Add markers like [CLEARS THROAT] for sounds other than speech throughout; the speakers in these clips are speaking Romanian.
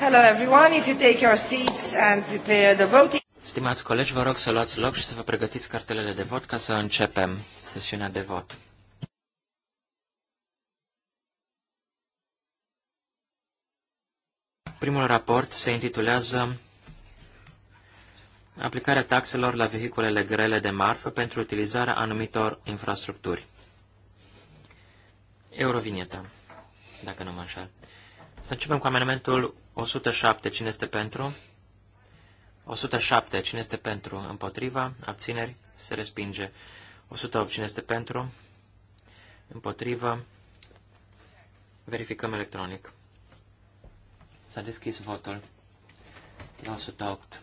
Hello everyone, if you take your seats and prepare the voting. Stimați colegi, vă rog să luați loc și să vă pregătiți cartelele de vot ca să începem sesiunea de vot. Primul raport se intitulează Aplicarea taxelor la vehiculele grele de marfă pentru utilizarea anumitor infrastructuri. Eurovinieta dacă nu mă înșel. Să începem cu amendamentul 107. Cine este pentru? 107. Cine este pentru? Împotriva? Abțineri? Se respinge. 108. Cine este pentru? Împotriva? Verificăm electronic. S-a deschis votul la 108.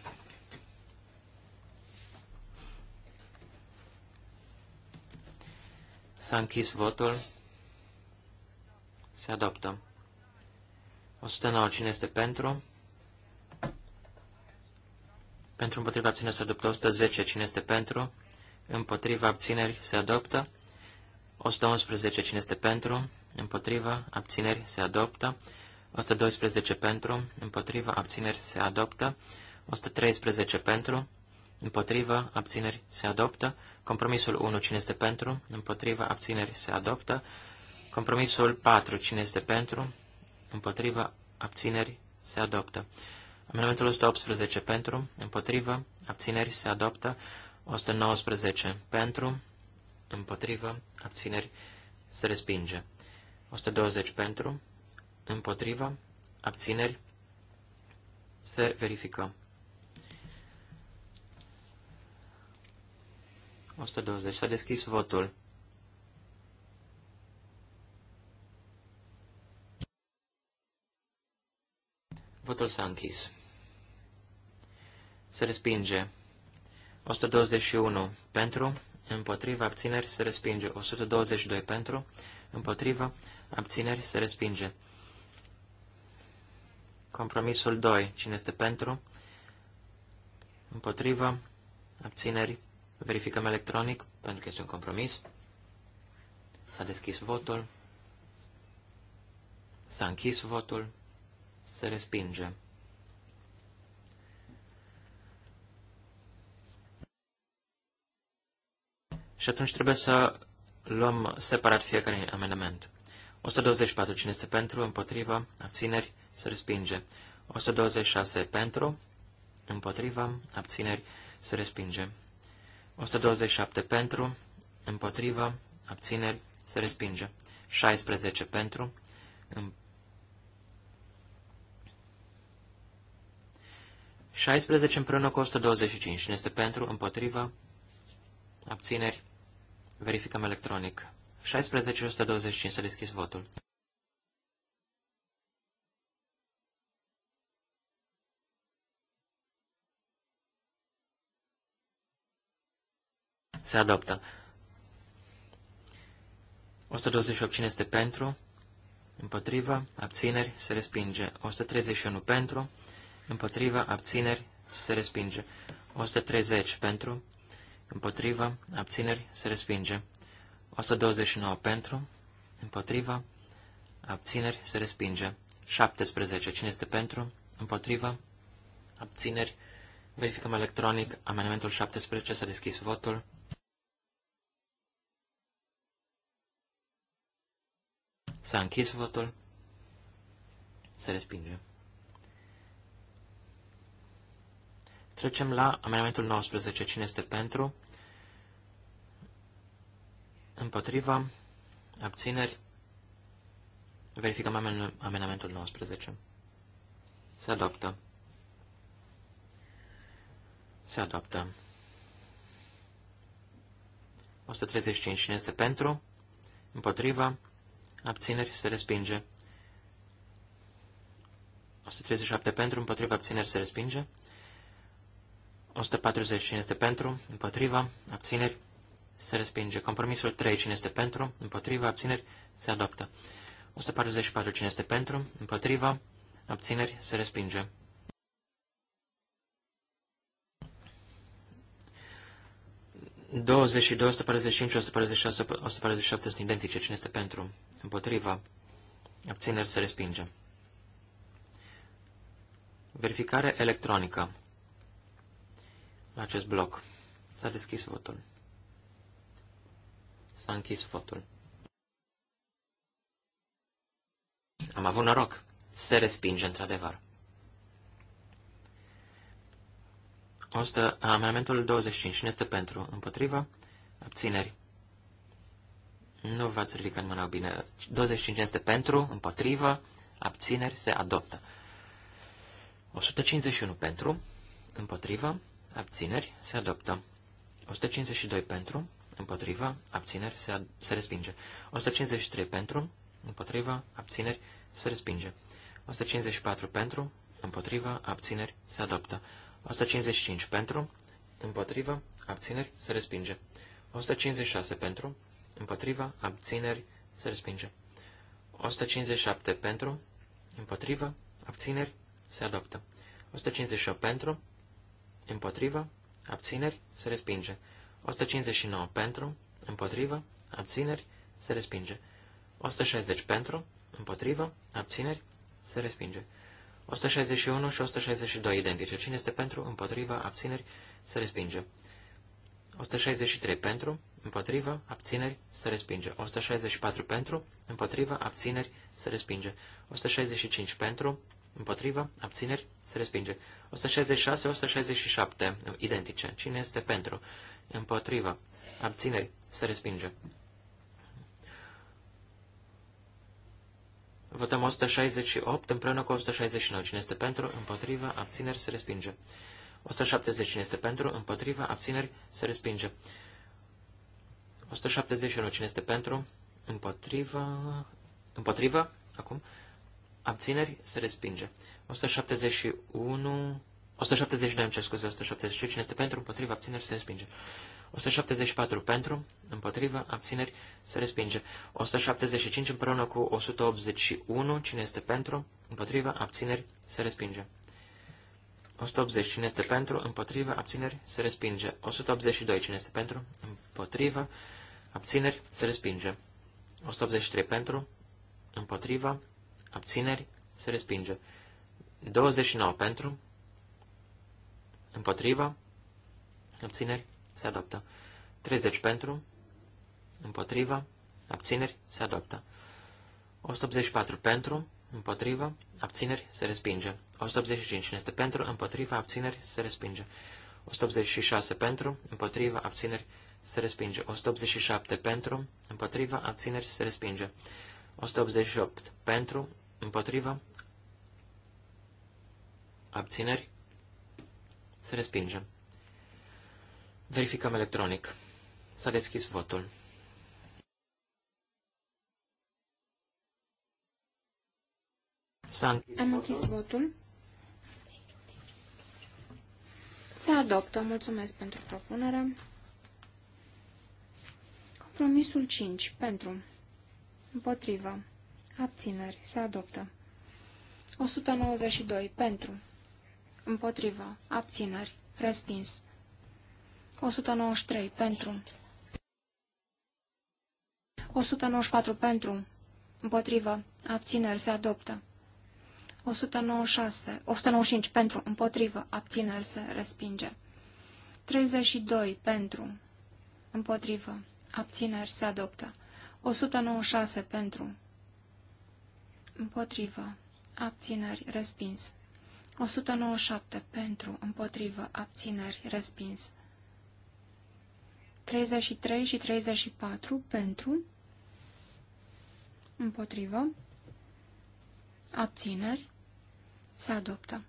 S-a închis votul. Se adoptă. 109. Cine este pentru? Pentru împotriva abțineri se adoptă 110. Cine este pentru? Împotriva abțineri se adoptă. 111. Cine este pentru? Împotriva abțineri se adoptă. 112 pentru, împotriva abțineri se adoptă. 113 pentru, împotriva abțineri se adoptă. Compromisul 1. Cine este pentru? Împotriva abțineri se adoptă. Compromisul 4. Cine este pentru? Împotriva abțineri se adoptă. Amendamentul 118 pentru, împotrivă, abțineri se adoptă. 119 pentru, împotrivă, abțineri se respinge. 120 pentru, împotrivă, abțineri se verifică. 120. S-a deschis votul. Votul s-a închis. Se respinge. 121 pentru, împotriva, abțineri, se respinge. 122 pentru, împotriva, abțineri, se respinge. Compromisul 2. Cine este pentru? Împotriva, abțineri, verificăm electronic, pentru că este un compromis. S-a deschis votul. S-a închis votul se respinge. Și atunci trebuie să luăm separat fiecare amendament. 124. Cine este pentru, împotriva, abțineri, se respinge. 126. Pentru, împotriva, abțineri, se respinge. 127. Pentru, împotriva, abțineri, se respinge. 16. Pentru, împotriva, 16 împreună cu 125. Cine este pentru, Împotrivă? abțineri, verificăm electronic. 16 și 125. Să deschis votul. Se adoptă. 128. Cine este pentru? Împotrivă? abțineri, se respinge. 131 pentru, împotriva, abțineri, se respinge. 130 pentru, împotriva, abțineri, se respinge. 129 pentru, împotriva, abțineri, se respinge. 17. Cine este pentru, împotriva, abțineri, verificăm electronic, amendamentul 17, s-a deschis votul. S-a închis votul. Se respinge. Trecem la amendamentul 19. Cine este pentru? Împotriva? Abțineri? Verificăm amendamentul 19. Se adoptă. Se adoptă. 135. Cine este pentru? Împotriva? Abțineri? Se respinge. 137 pentru, împotriva abțineri se respinge. 145 este pentru? Împotriva. Abțineri. Se respinge. Compromisul 3. Cine este pentru? Împotriva. Abțineri. Se adoptă. 144. Cine este pentru? Împotriva. Abțineri. Se respinge. Douăzeci și 145, 146, 147 sunt identice. Cine este pentru? Împotriva. Abțineri se respinge. Verificare electronică la acest bloc. S-a deschis votul. S-a închis votul. Am avut noroc. Se respinge, într-adevăr. Amendamentul 25. Cine este pentru? Împotrivă? Abțineri. Nu v-ați ridicat mâna bine. 25 este pentru, împotrivă, abțineri, se adoptă. 151 pentru, împotrivă, abțineri, se adoptă. 152 pentru, împotriva, abțineri, se, ad- se respinge. 153 pentru, împotriva, abțineri, se respinge. 154 pentru, împotriva, abțineri, se adoptă. 155 pentru, împotriva, abțineri, se respinge. 156 pentru, împotriva, abțineri, se respinge. 157 pentru, împotriva, abțineri, se adoptă. 158 pentru, împotrivă, abțineri, se respinge. 159 pentru, împotrivă, abțineri, se respinge. 160 pentru, împotrivă, abțineri, se respinge. 161 și 162 identice. Cine este pentru, împotriva, abțineri, se respinge. 163 pentru, împotriva, abțineri, se respinge. 164 pentru, împotriva, abțineri, se respinge. 165 pentru, Împotriva, abțineri, se respinge. 166, 167, identice. Cine este pentru? Împotriva, abțineri, se respinge. Votăm 168 împreună cu 169. Cine este pentru? Împotriva, abțineri, se respinge. 170. Cine este pentru? Împotriva, abțineri, se respinge. 171. Cine este pentru? Împotriva, împotriva, acum, Abțineri? Se respinge. 171... 179, da, îmi cer scuze, 173, Cine este pentru? Împotriva? Abțineri? Se respinge. 174 pentru, împotriva, abțineri, se respinge. 175 împreună cu 181, cine este pentru, împotriva, abțineri, se respinge. 180, cine este pentru, împotriva, abțineri, se respinge. 182, cine este pentru, împotriva, abțineri, se respinge. 183 pentru, împotriva, abțineri, se respinge. 29 pentru, împotriva, abțineri, se adoptă. 30 pentru, împotriva, abțineri, se adoptă. 184 pentru, împotriva, abțineri, se respinge. 185 este pentru, împotriva, abțineri, se respinge. 186 pentru, împotriva, abțineri, se respinge. 187 pentru, împotriva, abțineri, se respinge. 188 pentru, Împotrivă. Abțineri. Se respinge. Verificăm electronic. S-a deschis votul. S-a închis Am votul. închis votul. Se adoptă. Mulțumesc pentru propunere. Compromisul 5. Pentru. Împotrivă. Abțineri. Se adoptă. 192. Pentru. Împotriva. Abțineri. Respins. 193. Pentru. 194. Pentru. Împotrivă. Abțineri. Se adoptă. 196. 195. Pentru. Împotrivă. Abțineri. Se respinge. 32. Pentru. Împotrivă. Abțineri. Se adoptă. 196. Pentru împotrivă, abțineri, respins. 197 pentru, împotrivă, abțineri, respins. 33 și 34 pentru, împotrivă, abțineri, se adoptă.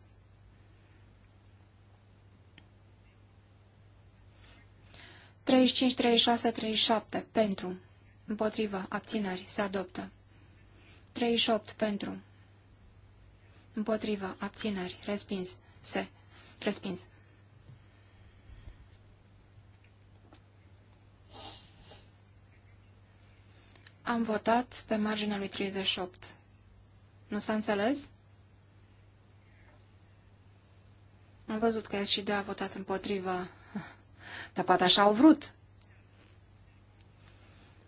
Treizeci cinci, treizeci șase, treizeci șapte, pentru, împotrivă, abțineri, se adoptă. 38 pentru. Împotrivă. Abțineri. Respins. Se. Respins. Am votat pe marginea lui 38. Nu s-a înțeles? Am văzut că și de a votat împotriva. Dar poate așa au vrut.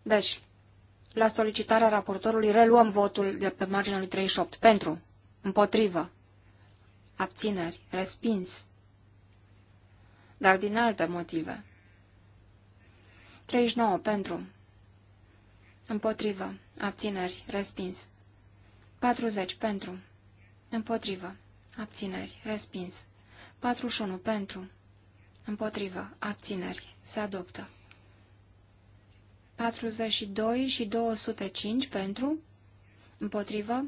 Deci, la solicitarea raportorului reluăm votul de pe marginea lui 38. Pentru. Împotrivă. Abțineri. Respins. Dar din alte motive. 39. Pentru. Împotrivă. Abțineri. Respins. 40. Pentru. Împotrivă. Abțineri. Respins. 41. Pentru. Împotrivă. Abțineri. Se adoptă. 42 și 205 pentru, împotrivă.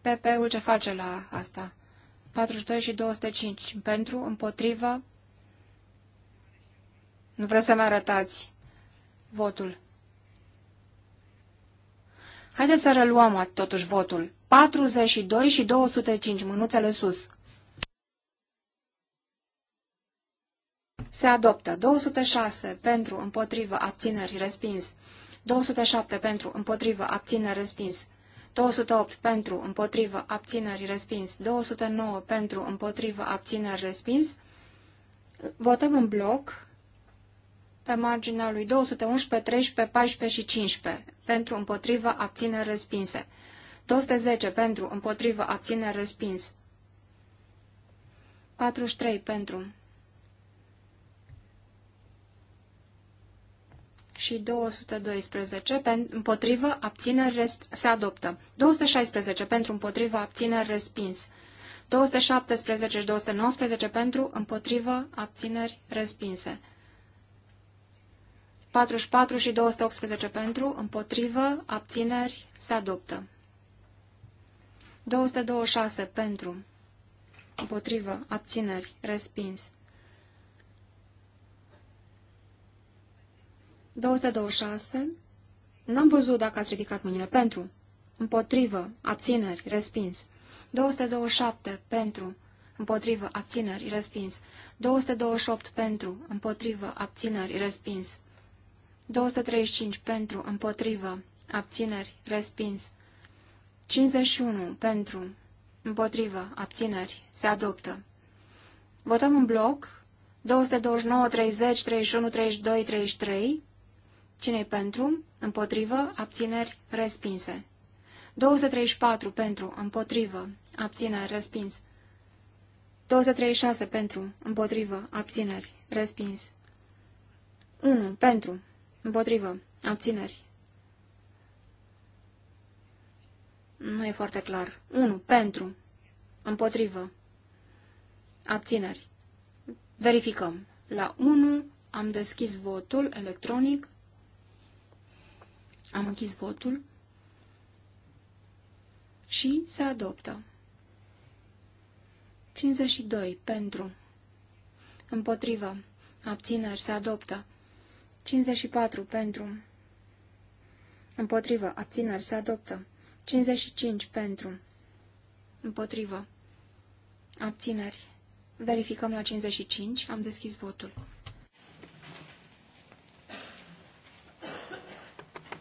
PP-ul ce face la asta? 42 și 205 pentru, împotrivă. Nu vreau să-mi arătați votul. Haideți să reluăm totuși votul. 42 și 205, mânuțele sus. Se adoptă 206 pentru împotrivă abțineri respins. 207 pentru împotrivă abțineri respins. 208 pentru împotrivă abțineri respins. 209 pentru împotrivă abțineri respins. Votăm în bloc pe marginea lui 211, 13, 14 și 15 pentru împotrivă abțineri respinse. 210 pentru împotrivă abțineri respins. 43 pentru și 212 împotrivă, abțineri, se adoptă. 216 pentru împotrivă, abțineri, respins. 217 și 219 pentru împotrivă, abțineri, respinse. 44 și 218 pentru împotrivă, abțineri, se adoptă. 226 pentru împotrivă, abțineri, respins. 226. N-am văzut dacă ați ridicat mâinile. Pentru. Împotrivă. Abțineri. Respins. 227. Pentru. Împotrivă. Abțineri. Respins. 228. Pentru. Împotrivă. Abțineri. Respins. 235. Pentru. Împotrivă. Abțineri. Respins. 51. Pentru. Împotrivă. Abțineri. Se adoptă. Votăm în bloc 229, 30, 31, 32, 33 cine pentru? Împotrivă. Abțineri. Respinse. 234 pentru. Împotrivă. Abțineri. Respins. 236 pentru. Împotrivă. Abțineri. Respins. 1 pentru. Împotrivă. Abțineri. Nu e foarte clar. 1 pentru. Împotrivă. Abțineri. Verificăm. La 1 am deschis votul electronic. Am închis votul și se adoptă. 52. Pentru. Împotrivă. Abțineri. Se adoptă. 54. Pentru. Împotrivă. Abțineri. Se adoptă. 55. Pentru. Împotrivă. Abțineri. Verificăm la 55. Am deschis votul.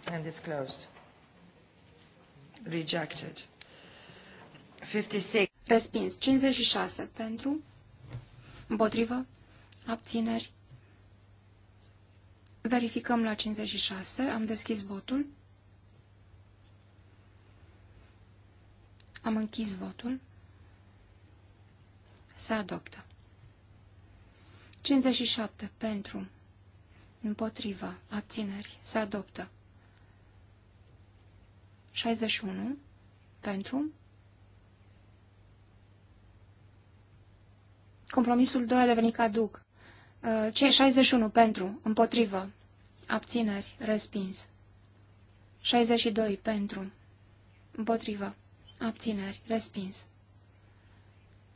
and is closed. Rejected. 56. Respins. 56 pentru, împotrivă, abțineri. Verificăm la 56. Am deschis votul. Am închis votul. Se adoptă. 57 pentru, împotrivă, abțineri. Se adoptă. 61 pentru. Compromisul 2 a devenit caduc. Uh, ce? 61 pentru, împotrivă, abțineri, respins. 62 pentru, împotrivă, abțineri, respins.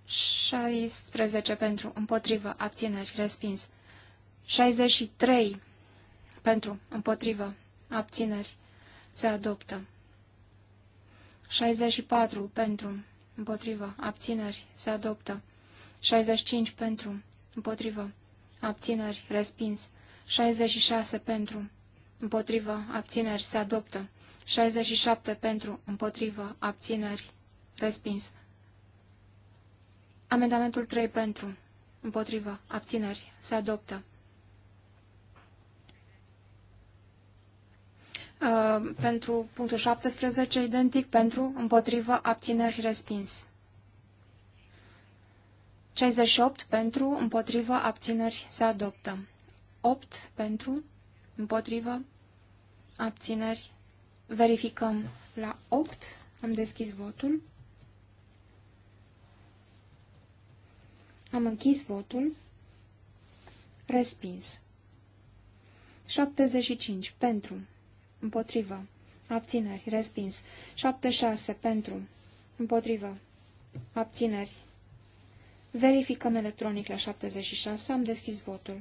16 pentru, împotrivă, abțineri, respins. 63 pentru, împotrivă, abțineri, se adoptă. 64 pentru, împotrivă, abțineri, se adoptă. 65 pentru, împotrivă, abțineri, respins. 66 pentru, împotrivă, abțineri, se adoptă. 67 pentru, împotrivă, abțineri, respins. Amendamentul 3 pentru, împotrivă, abțineri, se adoptă. Uh, pentru punctul 17, identic, pentru, împotrivă, abțineri, respins. 68 pentru, împotrivă, abțineri, se adoptă. 8 pentru, împotrivă, abțineri, verificăm la 8, am deschis votul. Am închis votul. Respins. 75. Pentru. Împotrivă. Abțineri. Respins. 7-6. Pentru. Împotrivă. Abțineri. Verificăm electronic la 76. Am deschis votul.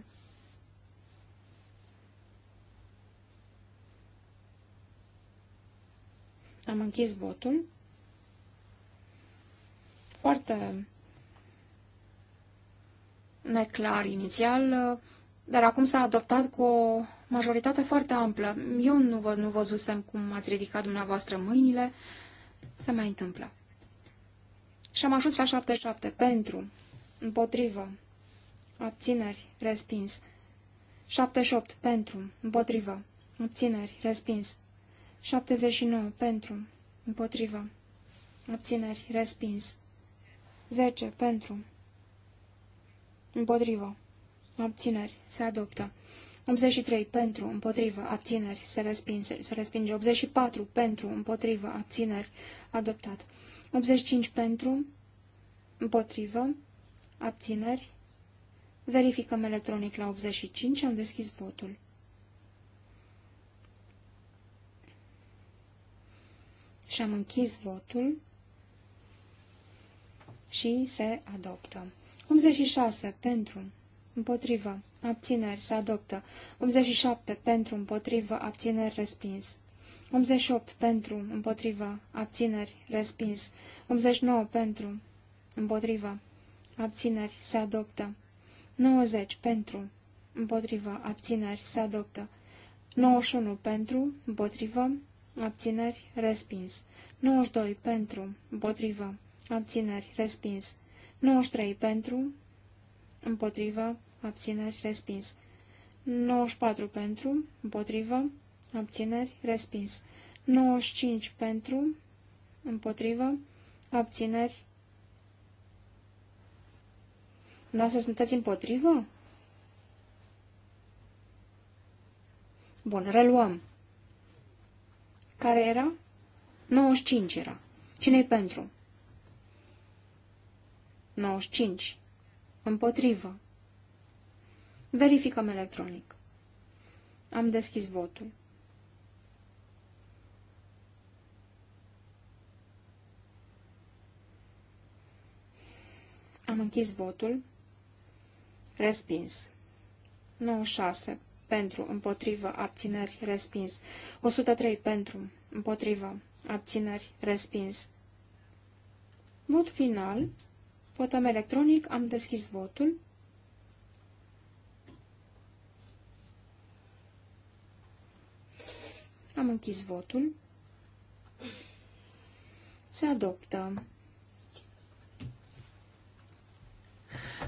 Am închis votul. Foarte neclar inițial, dar acum s-a adoptat cu o majoritate foarte amplă. Eu nu, vă, nu văzusem cum ați ridicat dumneavoastră mâinile. Se mai întâmplă. Și am ajuns la 77. Pentru, împotrivă, abțineri, respins. 78. Pentru, împotrivă, abțineri, respins. 79. Pentru, împotrivă, abțineri, respins. 10. Pentru, împotrivă, abțineri, se adoptă. 83 pentru, împotrivă, abțineri, se respinge, se respinge. 84 pentru, împotrivă, abțineri, adoptat. 85 pentru, împotrivă, abțineri. Verificăm electronic la 85, am deschis votul. Și am închis votul și se adoptă. 86 pentru, împotrivă, abțineri, se adoptă. 87 pentru, împotrivă, abțineri, respins. 88 pentru, împotrivă, abțineri, respins. 89 pentru, împotrivă, abțineri, se adoptă. 90 pentru, împotrivă, abțineri, se adoptă. 91 pentru, împotrivă, abțineri, respins. 92 pentru, împotrivă, abțineri, respins. 93 pentru, împotrivă, abțineri, respins. 94 pentru, împotrivă, abțineri, respins. 95 pentru, împotrivă, abțineri. Da, să sunteți împotrivă? Bun, reluăm. Care era? 95 era. Cine-i pentru? 95. Împotrivă. Verificăm electronic. Am deschis votul. Am închis votul. Respins. 96 pentru, împotrivă, abțineri, respins. 103 pentru, împotrivă, abțineri, respins. Vot final. Votăm electronic. Am deschis votul. Am închis votul. Se adoptă.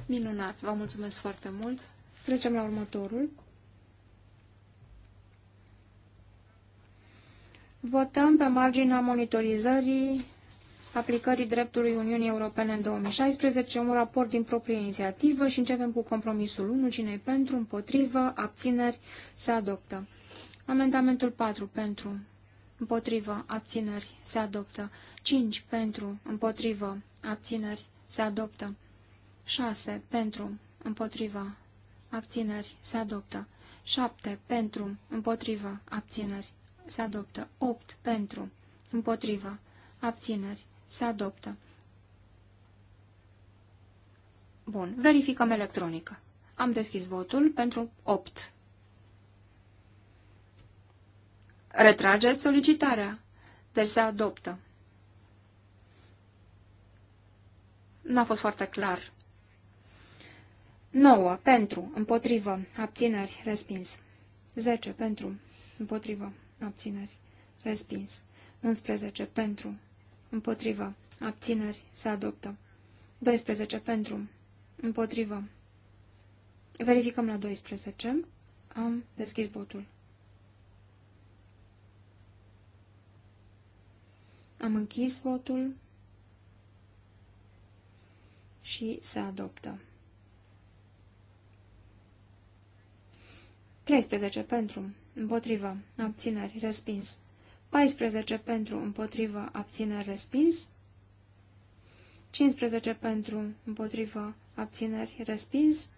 Minunat, vă mulțumesc foarte mult. Trecem la următorul. Votăm pe marginea monitorizării aplicării dreptului Uniunii Europene în 2016, un raport din proprie inițiativă și începem cu compromisul 1. Cine pentru, împotrivă, abțineri, se adoptă. Amendamentul 4 pentru, împotrivă, abțineri, se adoptă. 5 pentru, împotrivă, abțineri, se adoptă. 6 pentru, împotrivă, abțineri, se adoptă. 7 pentru, împotrivă, abțineri, se adoptă. 8 pentru, împotrivă, abțineri, se adoptă. Bun, verificăm electronică. Am deschis votul pentru 8. Retrageți solicitarea. Deci se adoptă. N-a fost foarte clar. 9. Pentru. Împotrivă. Abțineri. Respins. 10. Pentru. Împotrivă. Abțineri. Respins. 11. Pentru. Împotrivă. Abțineri. Se adoptă. 12. Pentru. Împotrivă. Verificăm la 12. Am deschis votul. Am închis votul și se adoptă. 13 pentru, împotrivă, abțineri, respins. 14 pentru, împotrivă, abțineri, respins. 15 pentru, împotrivă, abțineri, respins.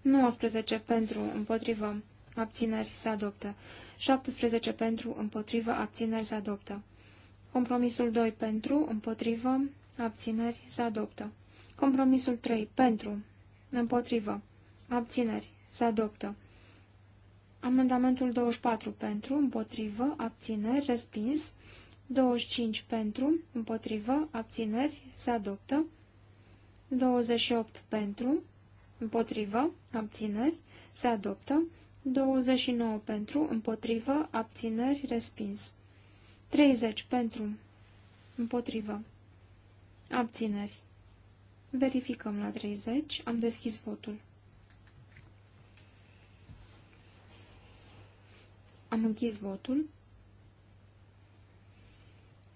19 pentru, împotrivă, abțineri, se adoptă. 17 pentru, împotrivă, abțineri, se adoptă. Compromisul 2 pentru, împotrivă, abțineri, se adoptă. Compromisul 3 pentru, împotrivă, abțineri, se adoptă. Amendamentul 24 pentru, împotrivă, abțineri, respins. 25 pentru, împotrivă, abțineri, se adoptă. 28 pentru, împotrivă, abțineri, se adoptă. 29 pentru, împotrivă, abțineri, respins. 30 pentru. Împotrivă. Abțineri. Verificăm la 30. Am deschis votul. Am închis votul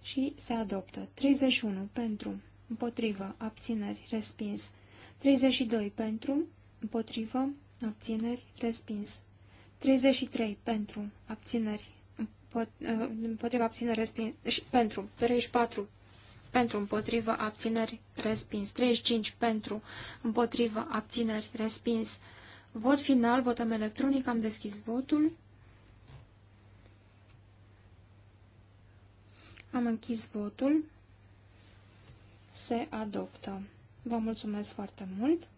și se adoptă. 31 pentru, împotrivă, abțineri, respins. 32 pentru, împotrivă, abțineri, respins. 33 pentru, abțineri, împotriva abțineri respins, pentru, 34 pentru, împotriva abțineri respins, 35 pentru, împotriva abțineri respins. Vot final, votăm electronic, am deschis votul. Am închis votul. Se adoptă. Vă mulțumesc foarte mult!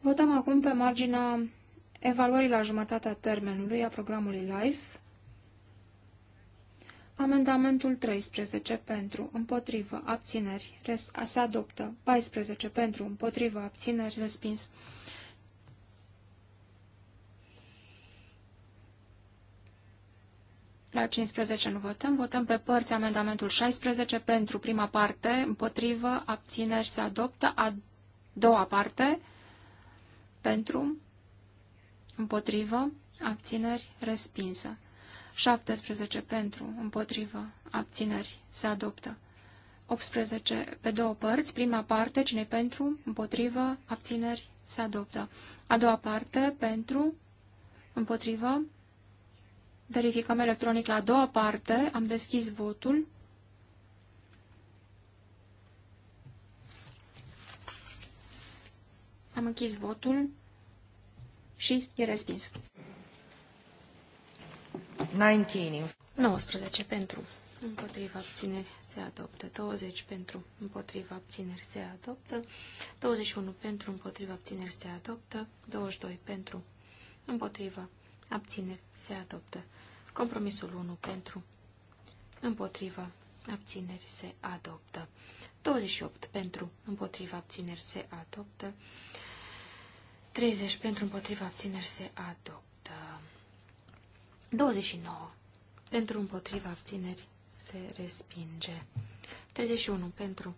Votăm acum pe marginea evaluării la jumătatea termenului a programului LIFE. Amendamentul 13 pentru, împotrivă, abțineri, res, se adoptă. 14 pentru, împotrivă, abțineri, respins. La 15 nu votăm. Votăm pe părți amendamentul 16 pentru prima parte, împotrivă, abțineri, se adoptă. A doua parte, pentru, împotrivă, abțineri, respinsă. 17 pentru, împotrivă, abțineri, se adoptă. 18 pe două părți, prima parte, cine pentru, împotrivă, abțineri, se adoptă. A doua parte, pentru, împotrivă, verificăm electronic la a doua parte, am deschis votul, Am închis votul și e respins. 19. 19 pentru. Împotriva abțineri se adoptă. 20 pentru. Împotriva abțineri se adoptă. 21 pentru. Împotriva abțineri se adoptă. 22 pentru. Împotriva abțineri se adoptă. Compromisul 1 pentru. Împotriva abțineri se adoptă. 28 pentru. Împotriva abțineri se adoptă. 30 pentru împotriva abțineri se adoptă. 29 pentru împotriva abțineri se respinge. 31 pentru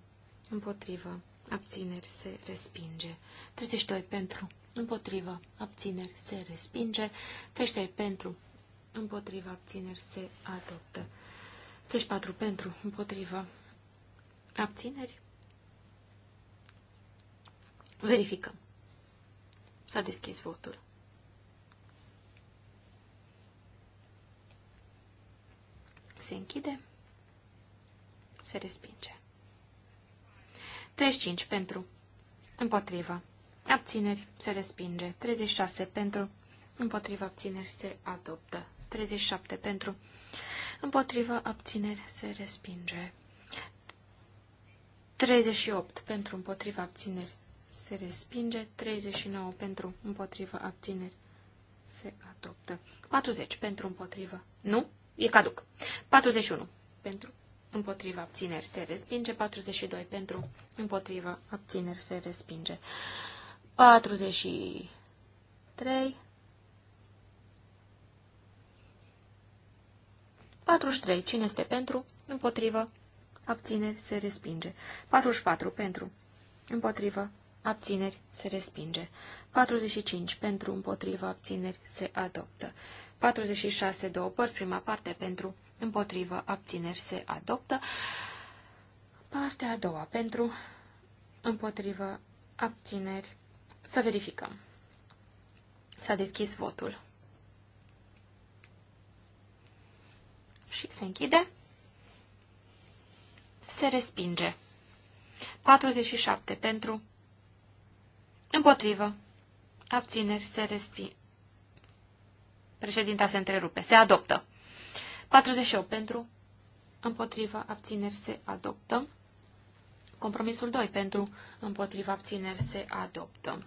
împotriva abțineri se respinge. 32 pentru împotriva abțineri se respinge. 33 pentru împotriva abțineri se adoptă. 34 pentru împotriva abțineri. Verificăm. S-a deschis votul. Se închide. Se respinge. 35 pentru. Împotrivă. Abțineri. Se respinge. 36 pentru. Împotrivă abțineri se adoptă. 37 pentru. Împotrivă abțineri se respinge. 38 pentru împotriva abțineri se respinge, 39 pentru, împotrivă, abțineri, se adoptă. 40 pentru, împotrivă, nu, e caduc. 41 pentru, împotrivă, abțineri, se respinge, 42 pentru, împotrivă, abțineri, se respinge. 43 43. Cine este pentru? Împotrivă. Abțineri. Se respinge. 44. Pentru. Împotrivă abțineri, se respinge. 45. Pentru, împotriva, abțineri, se adoptă. 46. Două părți, prima parte, pentru, împotriva, abțineri, se adoptă. Partea a doua, pentru, împotriva, abțineri, să verificăm. S-a deschis votul. Și se închide. Se respinge. 47. Pentru Împotrivă. Abțineri se respinge. Președinta se întrerupe. Se adoptă. 48 pentru. Împotrivă. Abțineri se adoptă. Compromisul 2 pentru. Împotrivă. Abțineri se adoptă.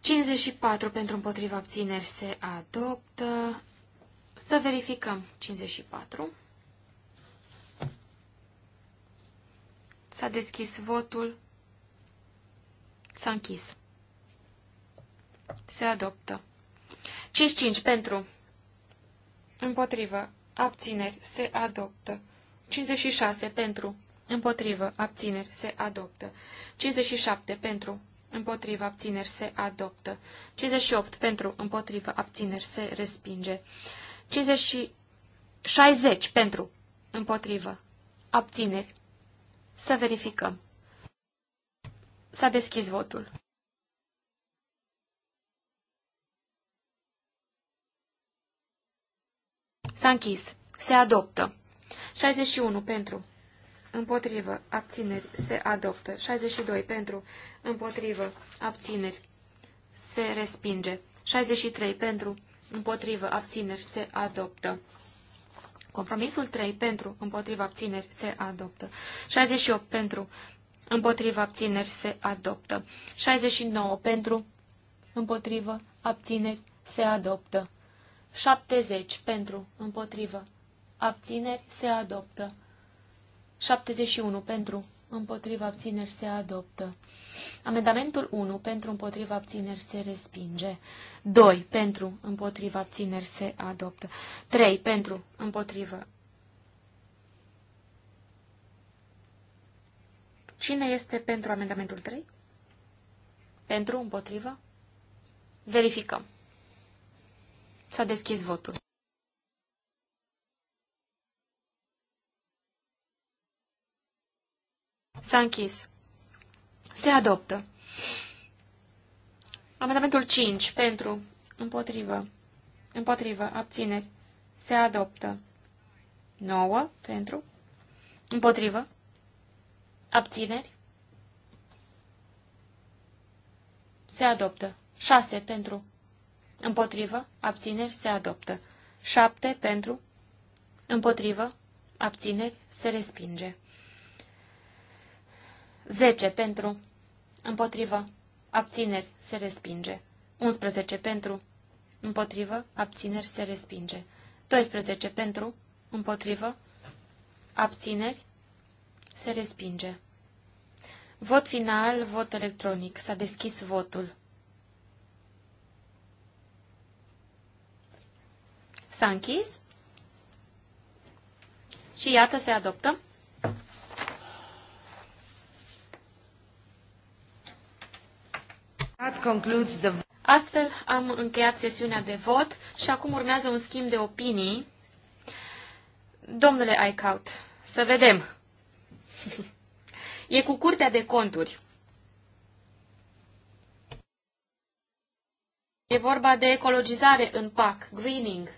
54 pentru Împotrivă. abțineri se adoptă. Să verificăm 54. S-a deschis votul S-a închis. Se adoptă. 55 pentru. Împotrivă. Abțineri. Se adoptă. 56 pentru. Împotrivă. Abțineri. Se adoptă. 57 pentru. Împotrivă. Abțineri. Se adoptă. 58 pentru. Împotrivă. Abțineri. Se respinge. 50... 60 pentru. Împotrivă. Abțineri. Să verificăm. S-a deschis votul. S-a închis. Se adoptă. 61 pentru. Împotrivă. Abțineri. Se adoptă. 62 pentru. Împotrivă. Abțineri. Se respinge. 63 pentru. Împotrivă. Abțineri. Se adoptă. Compromisul 3 pentru. Împotrivă. Abțineri. Se adoptă. 68 pentru împotriva abțineri se adoptă. 69 pentru, împotrivă, abțineri se adoptă. 70 pentru, împotrivă, abțineri se adoptă. 71 pentru, împotriva abțineri se adoptă. Amendamentul 1 pentru împotriva abțineri se respinge. 2 pentru împotriva abțineri se adoptă. 3 pentru împotriva Cine este pentru amendamentul 3? Pentru, împotrivă? Verificăm. S-a deschis votul. S-a închis. Se adoptă. Amendamentul 5. Pentru. Împotrivă. Împotrivă. Abțineri. Se adoptă. 9. Pentru. Împotrivă. Abțineri? Se adoptă. 6 pentru. Împotrivă. Abțineri? Se adoptă. 7 pentru. Împotrivă. Abțineri? Se respinge. 10 pentru. Împotrivă. Abțineri. Se respinge. 11 pentru. Împotrivă. Abțineri. Se respinge. 12 pentru. Împotrivă. Abțineri. Se respinge. Vot final, vot electronic. S-a deschis votul. S-a închis. Și iată se adoptă. Astfel am încheiat sesiunea de vot și acum urmează un schimb de opinii. Domnule Aicaut, să vedem! [LAUGHS] e cu Curtea de Conturi. E vorba de ecologizare în PAC, greening.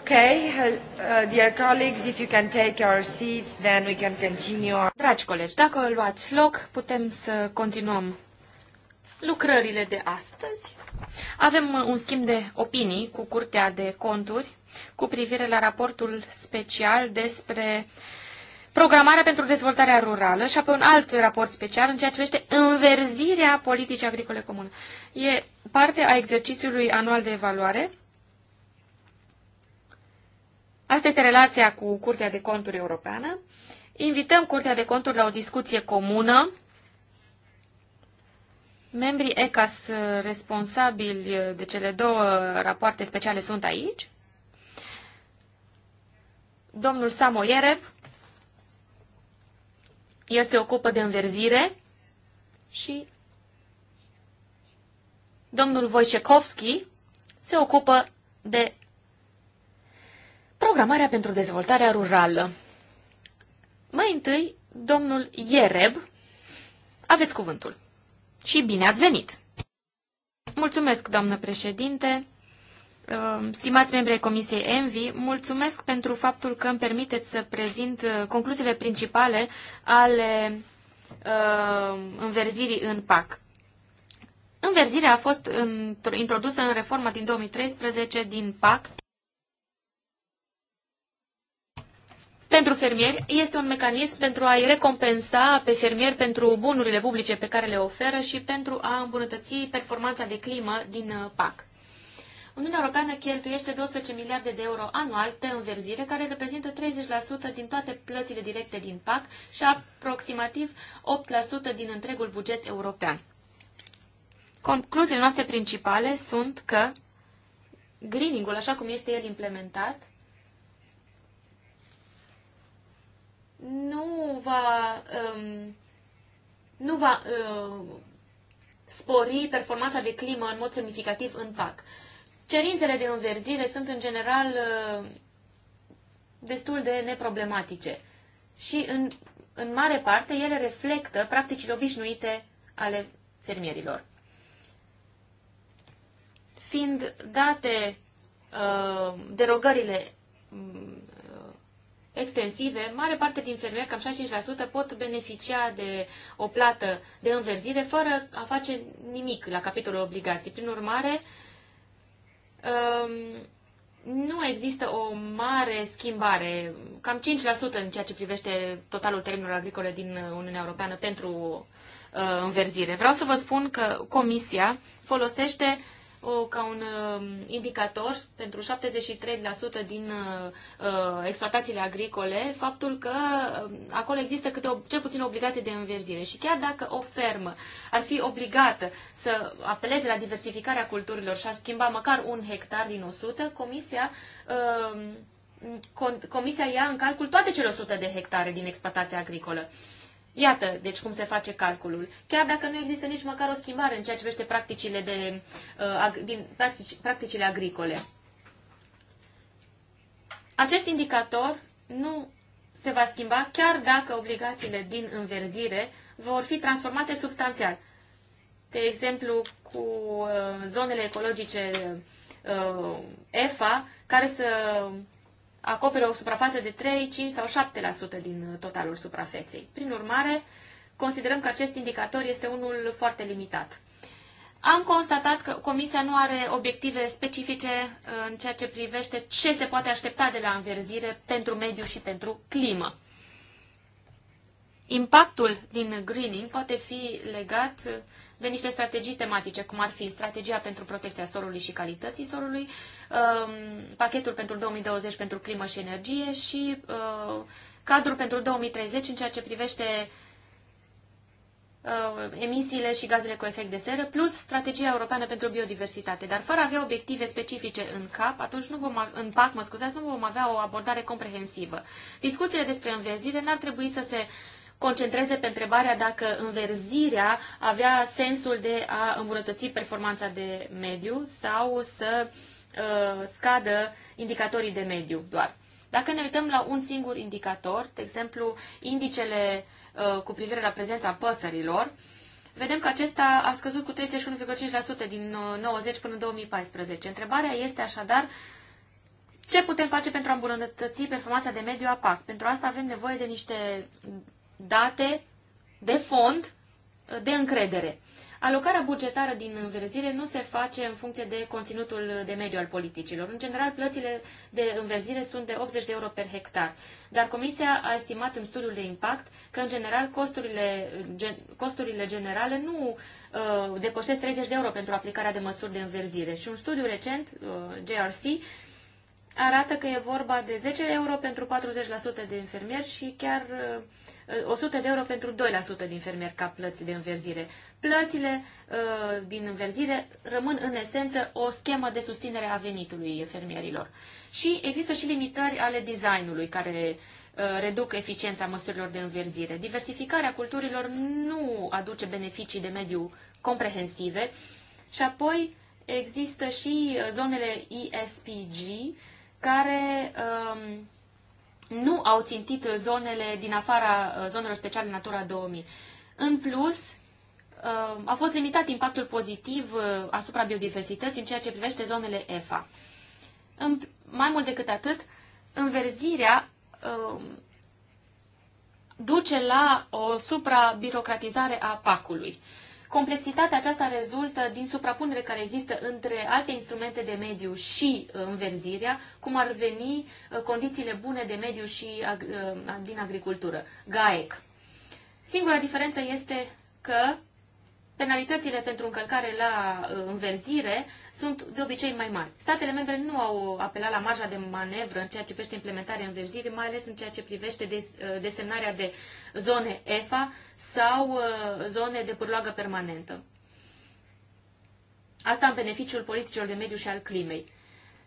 Okay, uh, uh, dear colleagues, if you can take seats, then we can continue. Dragi colegi, dacă luați loc, putem să continuăm lucrările de astăzi. Avem uh, un schimb de opinii cu Curtea de Conturi cu privire la raportul special despre programarea pentru dezvoltarea rurală și apoi un alt raport special în ceea ce privește înverzirea politicii agricole comune. E parte a exercițiului anual de evaluare Asta este relația cu Curtea de Conturi Europeană. Invităm Curtea de Conturi la o discuție comună. Membrii ECAS responsabili de cele două rapoarte speciale sunt aici. Domnul Samo Iereb, el se ocupă de înverzire și domnul Wojciechowski se ocupă de Programarea pentru dezvoltarea rurală. Mai întâi, domnul Iereb, aveți cuvântul. Și bine ați venit! Mulțumesc, doamnă președinte. Uh, stimați membri ai Comisiei Envi, mulțumesc pentru faptul că îmi permiteți să prezint uh, concluziile principale ale uh, înverzirii în PAC. Înverzirea a fost introdusă în reforma din 2013 din PAC pentru fermieri este un mecanism pentru a-i recompensa pe fermieri pentru bunurile publice pe care le oferă și pentru a îmbunătăți performanța de climă din uh, PAC. Uniunea Europeană cheltuiește 12 miliarde de euro anual pe înverzire, care reprezintă 30% din toate plățile directe din PAC și aproximativ 8% din întregul buget european. Concluziile noastre principale sunt că greening-ul, așa cum este el implementat, nu va, um, nu va uh, spori performanța de climă în mod semnificativ în PAC. Cerințele de înverzire sunt în general uh, destul de neproblematice și în, în mare parte ele reflectă practicile obișnuite ale fermierilor. Fiind date uh, derogările mm, extensive, mare parte din fermieri, cam 65%, pot beneficia de o plată de înverzire fără a face nimic la capitolul obligații. Prin urmare, um, nu există o mare schimbare, cam 5% în ceea ce privește totalul terenurilor agricole din Uniunea Europeană pentru uh, înverzire. Vreau să vă spun că Comisia folosește o, ca un uh, indicator pentru 73% din uh, uh, exploatațiile agricole faptul că uh, acolo există câte o, cel puțin o obligație de înverzire. Și chiar dacă o fermă ar fi obligată să apeleze la diversificarea culturilor și ar schimba măcar un hectar din 100, comisia uh, Comisia ia în calcul toate cele 100 de hectare din exploatația agricolă. Uh, Iată, deci, cum se face calculul. Chiar dacă nu există nici măcar o schimbare în ceea ce privește practicile, de, uh, din practici, practicile agricole. Acest indicator nu se va schimba chiar dacă obligațiile din înverzire vor fi transformate substanțial. De exemplu, cu uh, zonele ecologice uh, EFA, care să acoperă o suprafață de 3, 5 sau 7% din totalul suprafeței. Prin urmare, considerăm că acest indicator este unul foarte limitat. Am constatat că Comisia nu are obiective specifice uh, în ceea ce privește ce se poate aștepta de la înverzire pentru mediu și pentru climă impactul din greening poate fi legat de niște strategii tematice, cum ar fi strategia pentru protecția solului și calității solului, um, pachetul pentru 2020 pentru climă și energie și uh, cadrul pentru 2030 în ceea ce privește uh, emisiile și gazele cu efect de seră, plus strategia europeană pentru biodiversitate. Dar fără a avea obiective specifice în cap, atunci nu vom, în PAC, mă scuzați, nu vom avea o abordare comprehensivă. Discuțiile despre înverzire n-ar trebui să se uh, concentreze pe întrebarea dacă înverzirea avea sensul de a îmbunătăți performanța de mediu sau să uh, scadă indicatorii de mediu doar. Dacă ne uităm la un singur indicator, de exemplu, indicele uh, cu privire la prezența păsărilor, vedem că acesta a scăzut cu 31,5% din 90 uh, până în 2014. Întrebarea este așadar, ce putem face pentru a îmbunătăți performanța de mediu a PAC? Pentru asta avem nevoie de niște date de fond de încredere. Alocarea bugetară din înverzire nu se face în funcție de conținutul de mediu al politicilor. În general, plățile de înverzire sunt de 80 de euro per hectar, dar Comisia a estimat în studiul de impact că, în general, costurile, gen, costurile generale nu uh, depășesc 30 de euro pentru aplicarea de măsuri de înverzire. Și un studiu recent, uh, JRC, arată că e vorba de 10 euro pentru 40% de infermieri și chiar uh, 100 uh, de euro pentru 2% din fermieri ca plăți de înverzire. Plățile uh, din înverzire rămân în esență o schemă de susținere a venitului fermierilor. Și există și limitări ale designului care uh, reduc eficiența măsurilor de înverzire. Diversificarea culturilor nu aduce beneficii de mediu comprehensive și apoi există și uh, zonele ESPG care um, nu au țintit zonele din afara uh, zonelor speciale Natura 2000. În plus, uh, a fost limitat impactul pozitiv uh, asupra biodiversității în ceea ce privește zonele EFA. Mai mult decât atât, înverzirea duce la o supra-birocratizare a pacului. ului Complexitatea aceasta rezultă din suprapunere care există între alte instrumente de mediu și uh, înverzirea, cum ar veni uh, condițiile bune de mediu și uh, din agricultură, GAEC. Singura diferență este că penalitățile pentru încălcare la uh, înverzire sunt de obicei mai mari. Statele membre nu au apelat la marja de manevră în ceea ce privește implementarea înverzirii, mai ales în ceea ce privește uh, desemnarea de zone EFA sau uh, zone de purloagă permanentă. Asta în beneficiul politicilor de mediu și al climei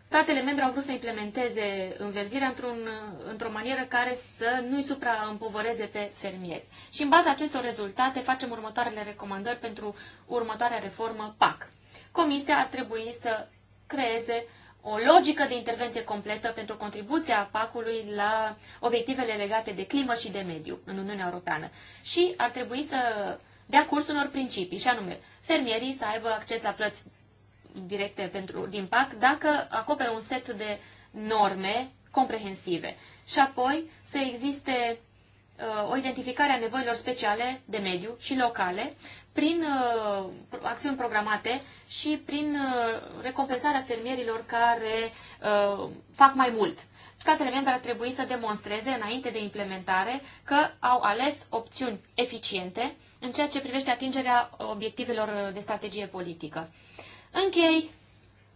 statele membre au vrut să implementeze înverzirea într-un, într-o manieră care să nu-i supraîmpovăreze pe fermieri. Și în baza acestor rezultate facem următoarele recomandări pentru următoarea reformă PAC. Comisia ar trebui să creeze o logică de intervenție completă pentru contribuția PAC-ului la obiectivele legate de climă și de mediu în Uniunea Europeană. Și ar trebui să dea curs unor principii, și anume, fermierii să aibă acces la plăți directe pentru, din PAC dacă acoperă un set de norme comprehensive. Și apoi să existe uh, o identificare a nevoilor speciale de mediu și locale prin uh, acțiuni programate și prin uh, recompensarea fermierilor care uh, fac mai mult. Statele membre ar trebui să demonstreze înainte de implementare că au ales opțiuni eficiente în ceea ce privește atingerea obiectivelor de strategie politică. Uh, Închei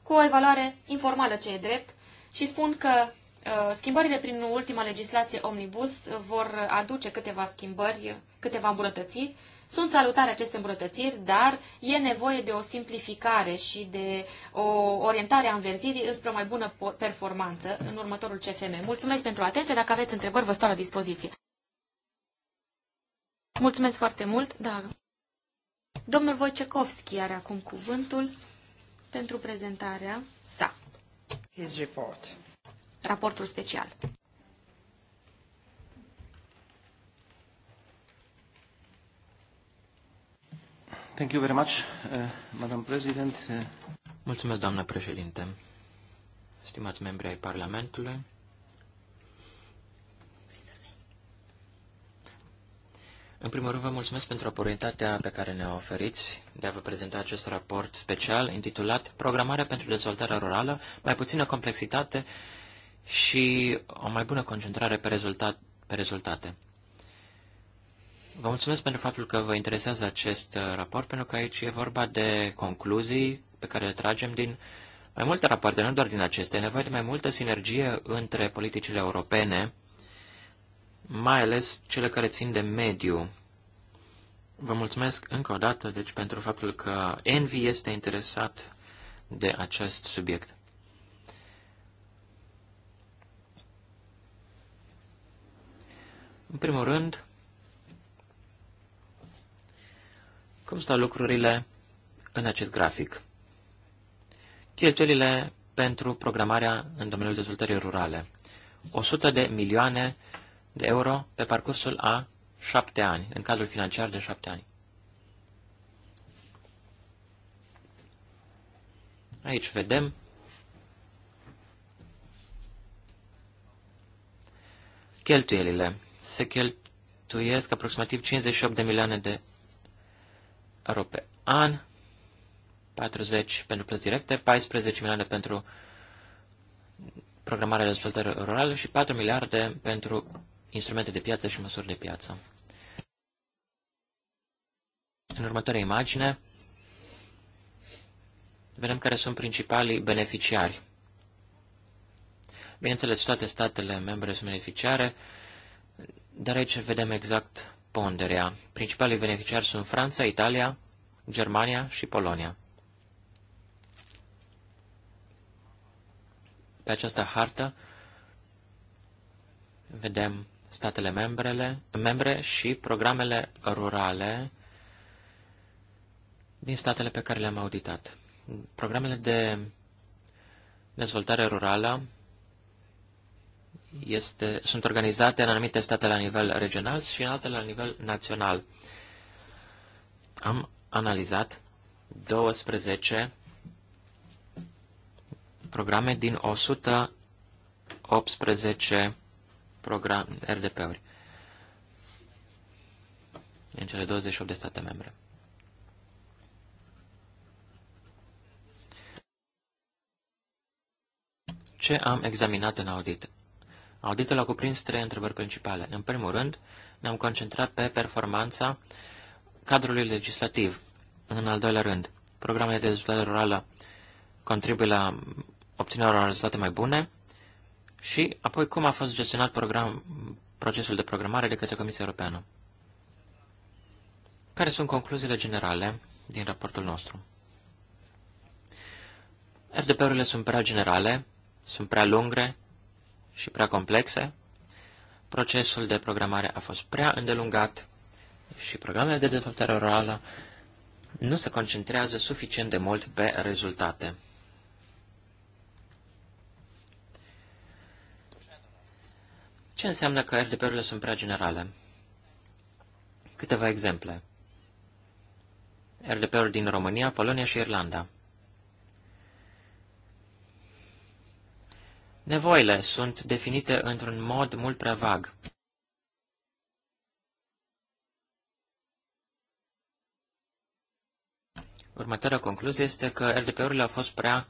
cu o evaluare informală ce e drept și spun că uh, Schimbările prin ultima legislație omnibus vor aduce câteva schimbări, câteva îmbunătățiri. Sunt salutare aceste îmbunătățiri, dar e nevoie de o simplificare și de o orientare a înverzirii înspre o mai bună performanță în următorul CFM. Mulțumesc pentru atenție. Dacă aveți întrebări, vă stau la dispoziție. Mulțumesc foarte mult. Da. Domnul Wojciechowski are acum cuvântul pentru prezentarea sa. His report. Raportul special. Thank you very much, uh, Madam President. Uh, Mulțumesc, doamnă președinte. Stimați membri ai Parlamentului, În primul rând, vă mulțumesc pentru oportunitatea pe care ne-o oferiți de a vă prezenta acest raport special intitulat Programarea pentru dezvoltarea rurală, mai puțină complexitate și o mai bună concentrare pe, rezultat, pe rezultate. Vă mulțumesc pentru faptul că vă interesează acest uh, raport, pentru că aici e vorba de concluzii pe care le tragem din mai multe rapoarte, nu doar din acestea. E nevoie de mai multă sinergie între politicile europene mai ales cele care țin de mediu. Vă mulțumesc încă o dată deci, pentru faptul că Envy este interesat de acest subiect. În primul rând, cum stau lucrurile în acest grafic? Cheltuielile pentru programarea în domeniul dezvoltării rurale. 100 de milioane de euro pe parcursul a șapte ani, în cadrul financiar de șapte ani. Aici vedem cheltuielile. Se cheltuiesc aproximativ 58 de milioane de euro pe an, 40 pentru plăți directe, 14 milioane pentru programarea dezvoltare rurală și 4 miliarde pentru instrumente de piață și măsuri de piață. În următoarea imagine, vedem care sunt principalii beneficiari. Bineînțeles, toate statele membre sunt beneficiare, dar aici vedem exact ponderea. Principalii beneficiari sunt Franța, Italia, Germania și Polonia. Pe această hartă vedem statele membrele, membre și programele rurale din statele pe care le-am auditat. Programele de dezvoltare rurală este, sunt organizate în anumite state la nivel regional și în altele la nivel național. Am analizat 12 programe din 118 program RDP-uri în cele 28 de state membre. Ce am examinat în audit? Auditul a cuprins trei întrebări principale. În primul rând, ne-am concentrat pe performanța cadrului legislativ. În al doilea rând, programele de dezvoltare rurală contribuie la obținerea unor rezultate mai bune și apoi cum a fost gestionat program, procesul de programare de către Comisia Europeană. Care sunt concluziile generale din raportul nostru? RDP-urile sunt prea generale, sunt prea lungre și prea complexe. Procesul de programare a fost prea îndelungat și programele de dezvoltare orală nu se concentrează suficient de mult pe rezultate. Ce înseamnă că RDP-urile sunt prea generale? Câteva exemple. RDP-uri din România, Polonia și Irlanda. Nevoile sunt definite într-un mod mult prea vag. Următoarea concluzie este că RDP-urile au fost prea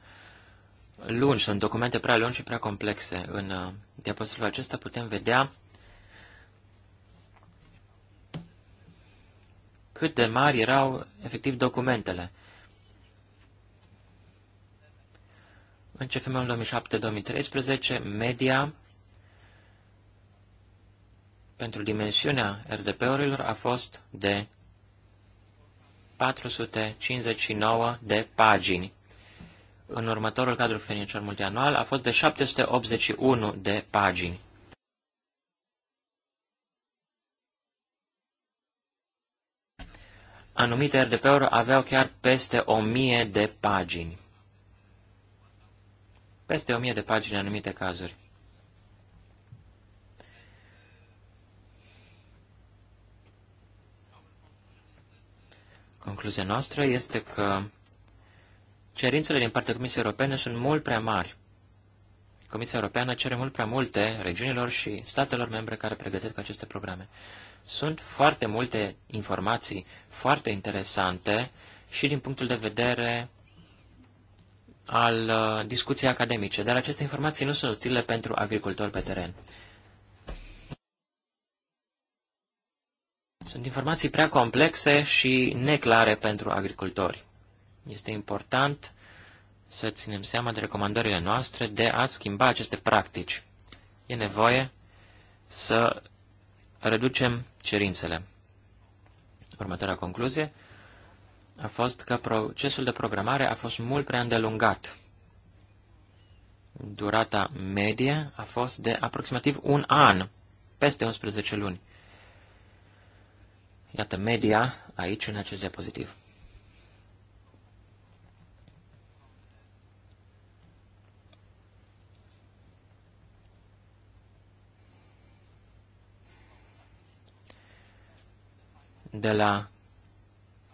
lungi, sunt documente prea lungi și prea complexe. În uh, diapositivul acesta putem vedea cât de mari erau efectiv documentele. În cfm 2007-2013, media pentru dimensiunea RDP-urilor a fost de 459 de pagini în următorul cadru financiar multianual a fost de 781 de pagini. Anumite RDP-uri aveau chiar peste 1000 de pagini. Peste 1000 de pagini în anumite cazuri. Concluzia noastră este că Cerințele din partea Comisiei Europene sunt mult prea mari. Comisia Europeană cere mult prea multe regiunilor și statelor membre care pregătesc aceste programe. Sunt foarte multe informații foarte interesante și din punctul de vedere al uh, discuției academice, dar aceste informații nu sunt utile pentru agricultori pe teren. Sunt informații prea complexe și neclare pentru agricultori. Este important să ținem seama de recomandările noastre de a schimba aceste practici. E nevoie să reducem cerințele. Următoarea concluzie a fost că procesul de programare a fost mult prea îndelungat. Durata medie a fost de aproximativ un an, peste 11 luni. Iată media aici, în acest diapozitiv. de la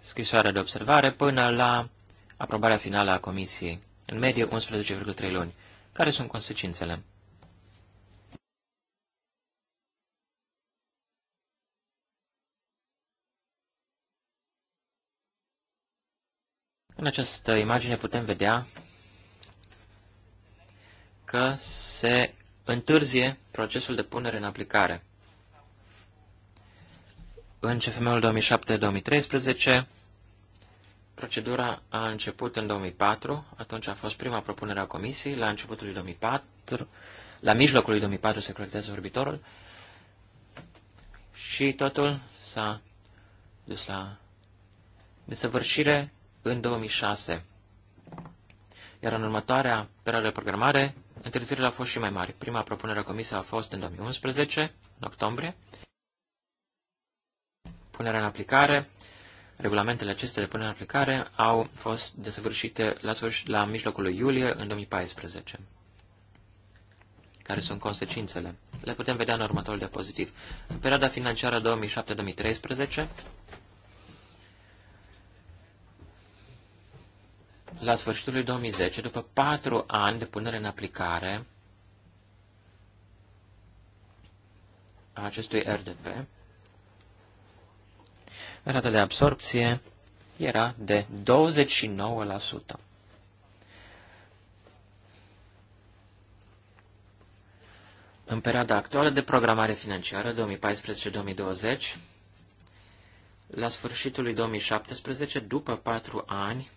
scrisoarea de observare până la aprobarea finală a comisiei, în medie 11,3 luni. Care sunt consecințele? În această imagine putem vedea că se întârzie procesul de punere în aplicare. În CFM-ul 2007-2013, procedura a început în 2004, atunci a fost prima propunere a comisiei, la începutul lui 2004, la mijlocul lui 2004 se colectează vorbitorul și totul s-a dus la desăvârșire în 2006. Iar în următoarea perioadă de programare, întârzierile au fost și mai mari. Prima propunere a comisiei a fost în 2011, în octombrie, punerea în aplicare, regulamentele acestea de punere în aplicare au fost desăvârșite la, sfârșit, la mijlocul lui iulie în 2014. Care sunt consecințele? Le putem vedea în următorul pozitiv. În perioada financiară 2007-2013, la sfârșitul lui 2010, după patru ani de punere în aplicare a acestui RDP, rata de absorpție era de 29%. În perioada actuală de programare financiară 2014-2020, la sfârșitul lui 2017, după patru ani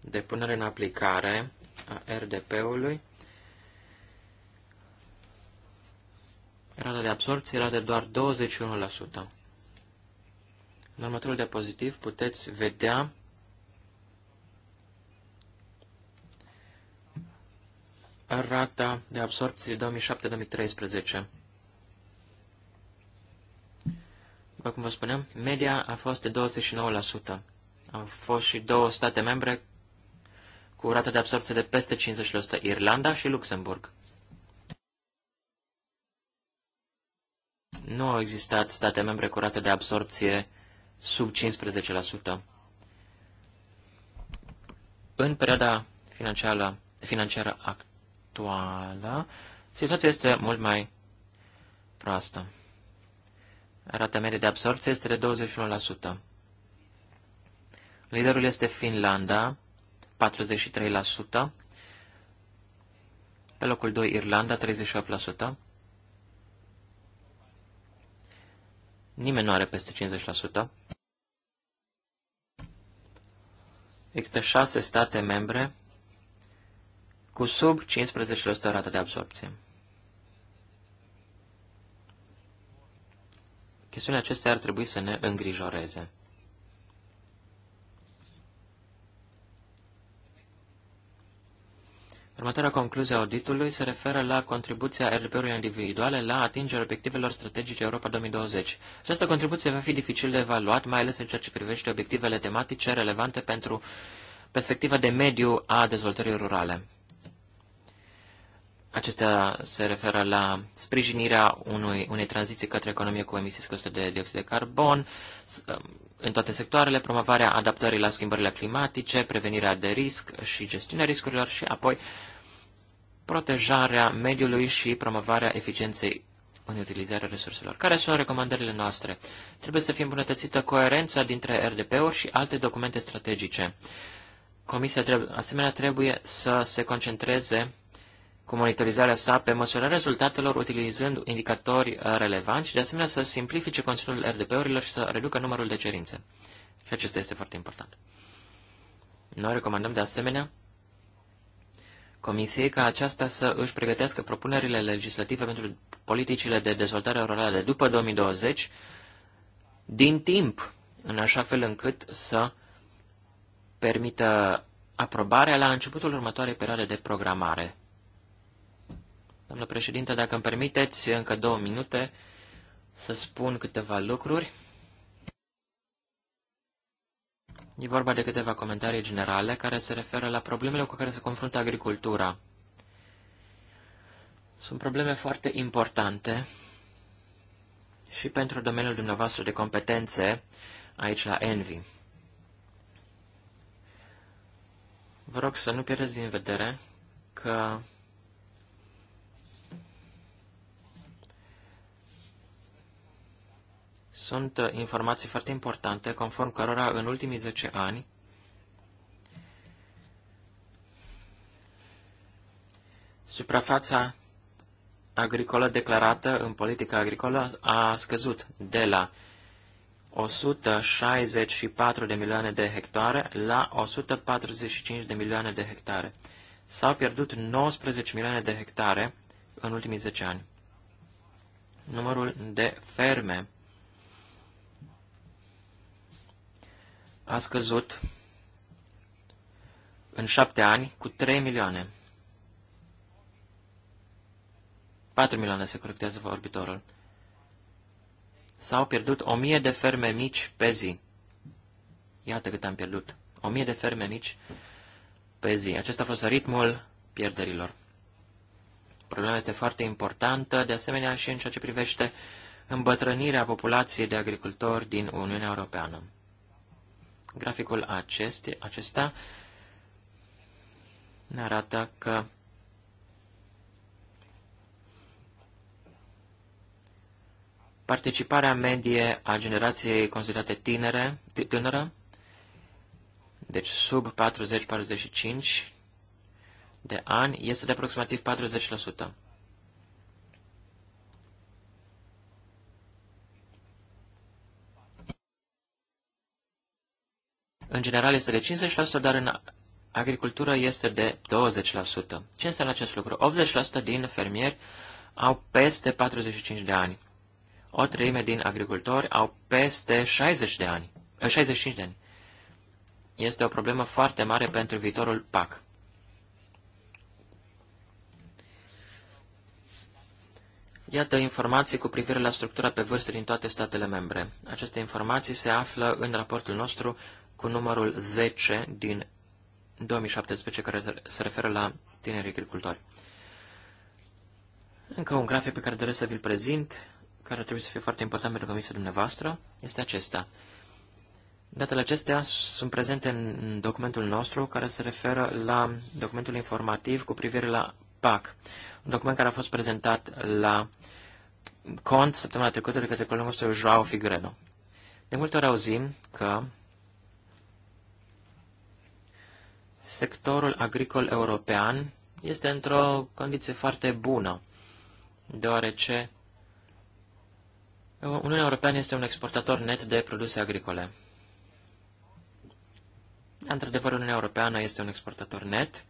de punere în aplicare a RDP-ului, rata de absorpție era de doar 21%. În următorul diapozitiv puteți vedea rata de absorpție 2007-2013. După cum vă spuneam, media a fost de 29%. Au fost și două state membre cu rată de absorpție de peste 50%, Irlanda și Luxemburg. Nu au existat state membre cu rată de absorpție sub 15%. În perioada financiară, financiară actuală, situația este mult mai proastă. Rata medie de absorție este de 21%. Liderul este Finlanda, 43%. Pe locul 2, Irlanda, 38%. Nimeni nu are peste 50%. Există șase state membre cu sub 15% rată de absorpție. Chestiunile acestea ar trebui să ne îngrijoreze. Următoarea concluzie a auditului se referă la contribuția RDP-urilor individuale la atingerea obiectivelor strategice Europa 2020. Această contribuție va fi dificil de evaluat, mai ales în ceea ce privește obiectivele tematice relevante pentru perspectiva de mediu a dezvoltării rurale. Acestea se referă la sprijinirea unui, unei tranziții către economie cu emisii scăzute de dioxid de carbon um, în toate sectoarele, promovarea adaptării la schimbările climatice, prevenirea de risc și gestiunea riscurilor și apoi protejarea mediului și promovarea eficienței în utilizarea resurselor. Care sunt recomandările noastre? Trebuie să fie îmbunătățită coerența dintre RDP-uri și alte documente strategice. Comisia trebuie, asemenea trebuie să se concentreze cu monitorizarea sa pe măsurarea rezultatelor utilizând indicatori uh, relevanți și de asemenea să simplifice conținutul RDP-urilor și să reducă numărul de cerințe. Și acesta este foarte important. Noi recomandăm de asemenea Comisiei ca aceasta să își pregătească propunerile legislative pentru politicile de dezvoltare rurală de după 2020 din timp, în așa fel încât să permită aprobarea la începutul următoarei perioade de programare Doamnă președinte, dacă îmi permiteți încă două minute să spun câteva lucruri. E vorba de câteva comentarii generale care se referă la problemele cu care se confruntă agricultura. Sunt probleme foarte importante și pentru domeniul dumneavoastră de competențe aici la Envy. Vă rog să nu pierdeți din vedere că Sunt uh, informații foarte importante, conform cărora în ultimii 10 ani suprafața agricolă declarată în politica agricolă a scăzut de la 164 de milioane de hectare la 145 de milioane de hectare. S-au pierdut 19 milioane de hectare în ultimii 10 ani. Numărul de ferme a scăzut în șapte ani cu 3 milioane. 4 milioane se corectează vorbitorul. S-au pierdut 1000 de ferme mici pe zi. Iată cât am pierdut. 1000 de ferme mici pe zi. Acesta a fost ritmul pierderilor. Problema este foarte importantă, de asemenea și în ceea ce privește îmbătrânirea populației de agricultori din Uniunea Europeană. Graficul aceste, acesta ne arată că participarea medie a generației considerate tinere, tânără, deci sub 40-45 de ani, este de aproximativ 40%. în general este de 50%, dar în agricultură este de 20%. Ce înseamnă acest lucru? 80% din fermieri au peste 45 de ani. O treime din agricultori au peste 60 de ani, 65 eh, de ani. Este o problemă foarte mare pentru viitorul PAC. Iată informații cu privire la structura pe vârstă din toate statele membre. Aceste informații se află în raportul nostru cu numărul 10 din 2017, care se referă la tinerii agricultori. Încă un grafic pe care doresc să vi-l prezint, care trebuie să fie foarte important pentru comisia dumneavoastră, este acesta. Datele acestea sunt prezente în documentul nostru care se referă la documentul informativ cu privire la PAC, un document care a fost prezentat la cont săptămâna trecută de către colegul nostru Joao Figueredo. De multe ori auzim că sectorul agricol european este într-o condiție foarte bună, deoarece Uniunea Europeană este un exportator net de produse agricole. Într-adevăr, Uniunea Europeană este un exportator net.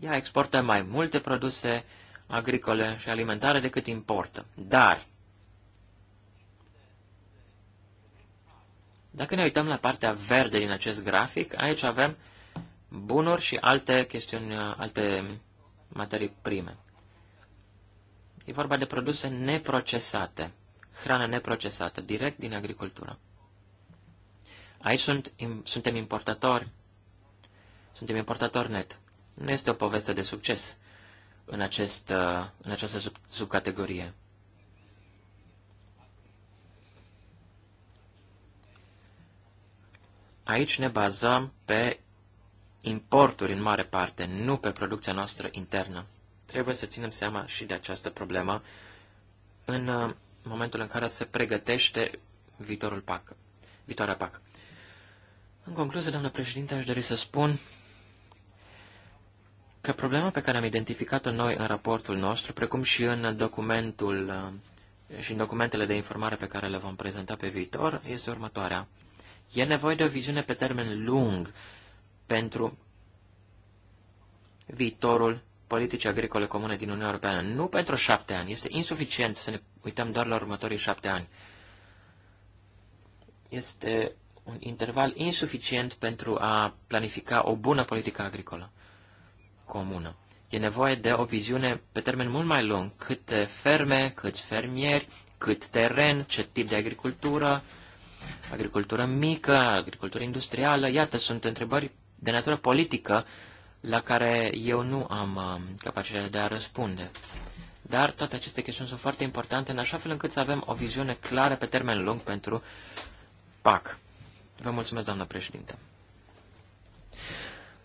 Ea exportă mai multe produse agricole și alimentare decât importă. Dar Dacă ne uităm la partea verde din acest grafic, aici avem bunuri și alte chestiuni, alte materii prime. E vorba de produse neprocesate, hrană neprocesată, direct din agricultură. Aici sunt, suntem importatori, suntem importatori net. Nu este o poveste de succes în, acest, în această sub, subcategorie. Aici ne bazăm pe importuri în mare parte, nu pe producția noastră internă. Trebuie să ținem seama și de această problemă în uh, momentul în care se pregătește viitorul PAC, viitoarea PAC. În concluzie, doamnă președinte, aș dori să spun că problema pe care am identificat-o noi în raportul nostru, precum și în documentul uh, și în documentele de informare pe care le vom prezenta pe viitor, este următoarea. E nevoie de o viziune pe termen lung pentru viitorul politicii agricole comune din Uniunea Europeană. Nu pentru șapte ani. Este insuficient să ne uităm doar la următorii șapte ani. Este un interval insuficient pentru a planifica o bună politică agricolă comună. E nevoie de o viziune pe termen mult mai lung. Câte ferme, câți fermieri, cât teren, ce tip de agricultură, agricultură mică, agricultură industrială, iată, sunt întrebări de natură politică la care eu nu am um, capacitatea de a răspunde. Dar toate aceste chestiuni sunt foarte importante în așa fel încât să avem o viziune clară pe termen lung pentru PAC. Vă mulțumesc, doamnă președinte.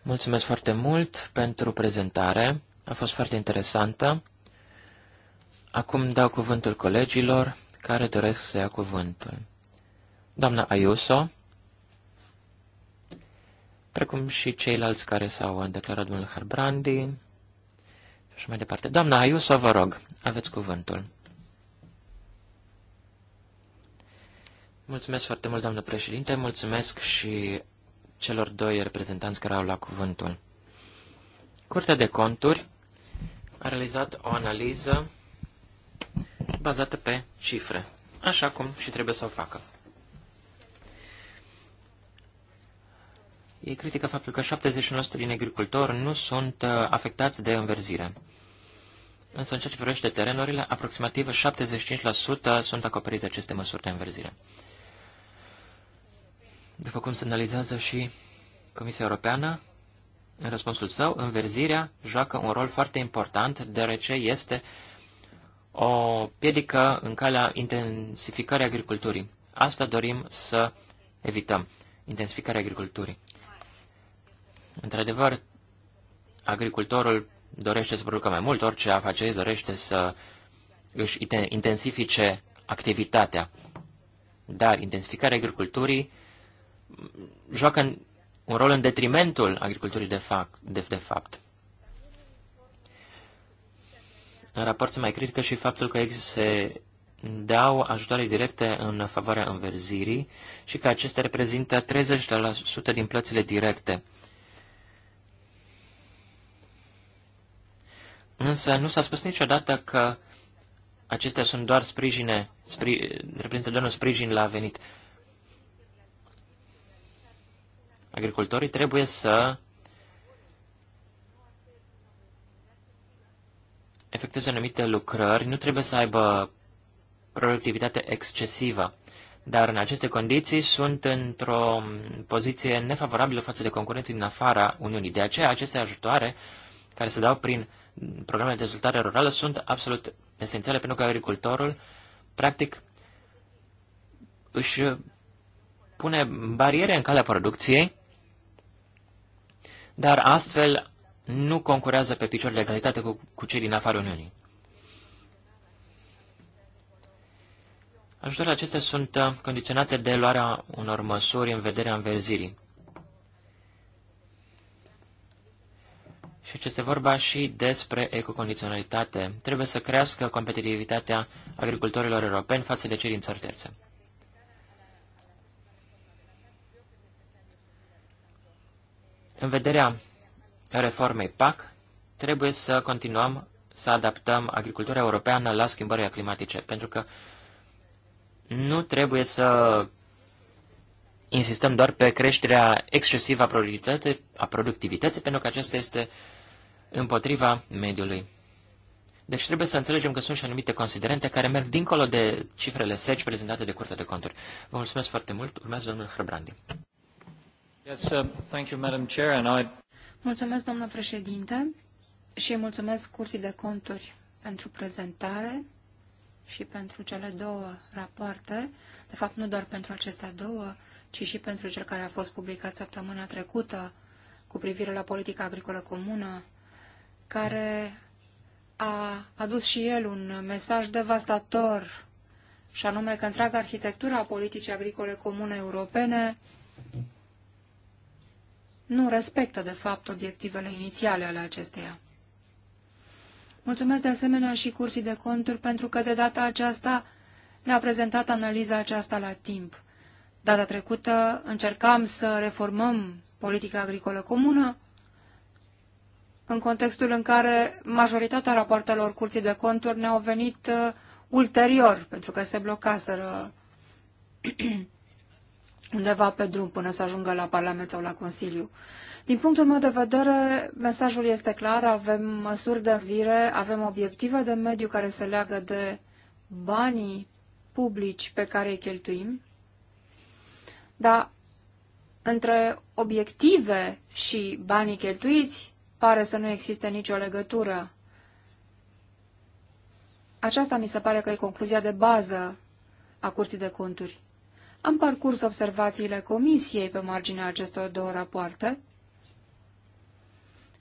Mulțumesc foarte mult pentru prezentare. A fost foarte interesantă. Acum dau cuvântul colegilor care doresc să ia cuvântul doamna Ayuso, precum și ceilalți care s-au declarat domnul Harbrandi și așa mai departe. Doamna Ayuso, vă rog, aveți cuvântul. Mulțumesc foarte mult, doamnă președinte, mulțumesc și celor doi reprezentanți care au luat cuvântul. Curtea de conturi a realizat o analiză bazată pe cifre, așa cum și trebuie să o facă. Ei critică faptul că 70% din agricultori nu sunt uh, afectați de înverzire. Însă, în ceea ce vrește terenurile, aproximativ 75% sunt acoperiți de aceste măsuri de înverzire. După cum semnalizează și Comisia Europeană, în răspunsul său, înverzirea joacă un rol foarte important, deoarece este o piedică în calea intensificării agriculturii. Asta dorim să evităm, intensificarea agriculturii. Într-adevăr, agricultorul dorește să producă mai mult, orice afaceri dorește să își intensifice activitatea. Dar intensificarea agriculturii joacă un rol în detrimentul agriculturii de, fac, de, de fapt. În raport se mai critică și faptul că se dau ajutoare directe în favoarea înverzirii și că acestea reprezintă 30% din plățile directe. Însă nu s-a spus niciodată că acestea sunt doar sprijine, spri, reprezintă doar un sprijin la venit. Agricultorii trebuie să efectueze anumite lucrări, nu trebuie să aibă productivitate excesivă, dar în aceste condiții sunt într-o poziție nefavorabilă față de concurenții din afara Uniunii. De aceea, aceste ajutoare uh, care se dau prin programele de dezvoltare rurală sunt absolut esențiale pentru că agricultorul, practic, își pune bariere în calea producției, dar astfel nu concurează pe picior de egalitate cu, cu cei din afara Uniunii. Ajutorile acestea sunt uh, condiționate de luarea unor măsuri în vederea înverzirii. Și ce se vorba și despre ecocondiționalitate. Trebuie să crească competitivitatea agricultorilor europeni față de cei din țări terțe. În vederea reformei PAC, trebuie să continuăm să adaptăm agricultura europeană la schimbările climatice, pentru că nu trebuie să insistăm doar pe creșterea excesivă a productivității, pentru că acesta este împotriva mediului. Deci trebuie să înțelegem că sunt și anumite considerente care merg dincolo de cifrele seci prezentate de Curtea de Conturi. Vă mulțumesc foarte mult. Urmează domnul Hrăbrandi. Yes, uh, thank you, Madam Chair, and I... Mulțumesc, domnul președinte, și mulțumesc Curții de Conturi pentru prezentare și pentru cele două rapoarte, de fapt nu doar pentru acestea două, ci și pentru cel care a fost publicat săptămâna trecută cu privire la politica agricolă comună care a adus și el un mesaj devastator, și anume că întreaga arhitectură a politicii agricole comune europene nu respectă, de fapt, obiectivele inițiale ale acesteia. Mulțumesc de asemenea și cursii de conturi pentru că de data aceasta ne-a prezentat analiza aceasta la timp. Data trecută încercam să reformăm politica agricolă comună, în contextul în care majoritatea rapoartelor curții de conturi ne-au venit uh, ulterior, pentru că se blocaseră [CLEARS THROAT] undeva pe drum până să ajungă la Parlament sau la Consiliu. Din punctul meu de vedere, mesajul este clar, avem măsuri de zire, avem obiective de mediu care se leagă de banii publici pe care îi cheltuim, dar între obiective și banii cheltuiți pare să nu existe nicio legătură. Aceasta mi se pare că e concluzia de bază a Curții de Conturi. Am parcurs observațiile Comisiei pe marginea acestor două rapoarte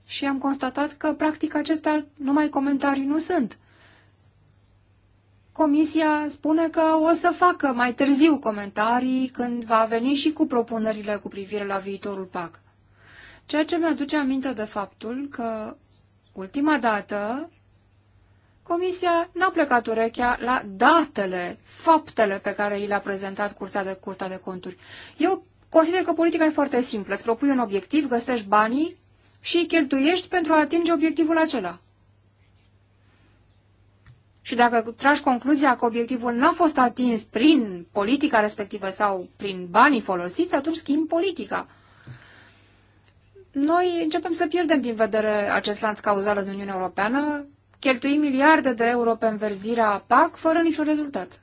și am constatat că, practic, acestea numai comentarii nu sunt. Comisia spune că o să facă mai târziu comentarii când va veni și cu propunerile cu privire la viitorul PAC. Ceea ce mi-aduce aminte de faptul că ultima dată Comisia n-a plecat urechea la datele, faptele pe care i le-a prezentat Curtea de, Curtea de Conturi. Eu consider că politica e foarte simplă. Îți propui un obiectiv, găsești banii și îi cheltuiești pentru a atinge obiectivul acela. Și dacă tragi concluzia că obiectivul n-a fost atins prin politica respectivă sau prin banii folosiți, atunci schimbi politica noi începem să pierdem din vedere acest lanț cauzal în Uniunea Europeană, cheltuim miliarde de euro pe înverzirea PAC fără niciun rezultat.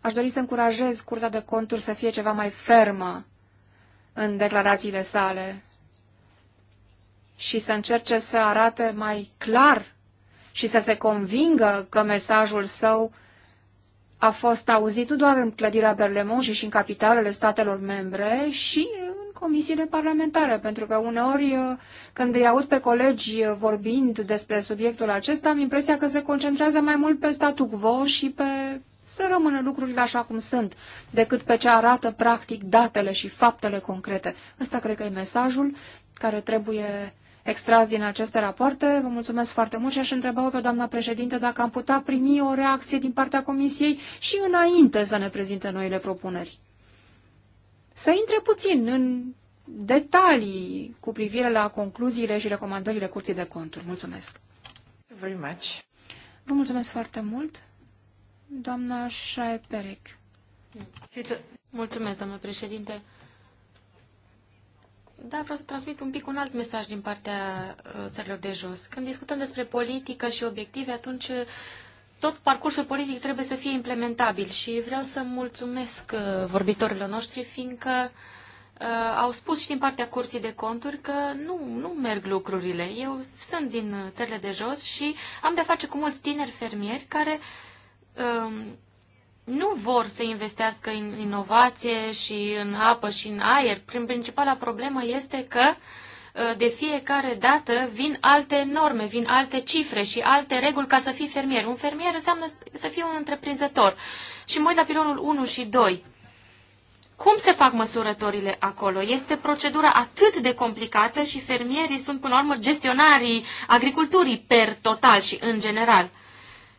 Aș dori să încurajez Curtea de Conturi să fie ceva mai fermă în declarațiile sale și să încerce să arate mai clar și să se convingă că mesajul său a fost auzit nu doar în clădirea Berlemont și, și în capitalele statelor membre și comisiile parlamentare, pentru că uneori uh, când îi aud pe colegi uh, vorbind despre subiectul acesta, am impresia că se concentrează mai mult pe statul quo și pe să rămână lucrurile așa cum sunt, decât pe ce arată practic datele și faptele concrete. Ăsta cred că e mesajul care trebuie extras din aceste rapoarte. Vă mulțumesc foarte mult și aș întreba pe doamna președinte dacă am putea primi o reacție din partea Comisiei și înainte să ne prezinte noile propuneri să intre puțin în detalii cu privire la concluziile și recomandările Curții de Conturi. Mulțumesc! Very much. Vă mulțumesc foarte mult, doamna Șaer Perec. Mulțumesc, domnule președinte. Da, vreau să transmit un pic un alt mesaj din partea uh, țărilor de jos. Când discutăm despre politică și obiective, atunci tot parcursul politic trebuie să fie implementabil și vreau să mulțumesc uh, vorbitorilor noștri, fiindcă uh, au spus și din partea Curții de Conturi că nu, nu merg lucrurile. Eu sunt din uh, țările de jos și am de-a face cu mulți tineri fermieri care um, nu vor să investească în inovație și în apă și în aer. Prin Principala problemă este că uh, Uh, de fiecare dată vin alte norme, vin alte cifre și alte reguli ca să fii fermier. Un fermier înseamnă să fii un întreprinzător. Și mă uit la pilonul 1 și 2. Cum se fac măsurătorile acolo? Este procedura atât de complicată și fermierii sunt, până la urmă, gestionarii agriculturii per total și în general.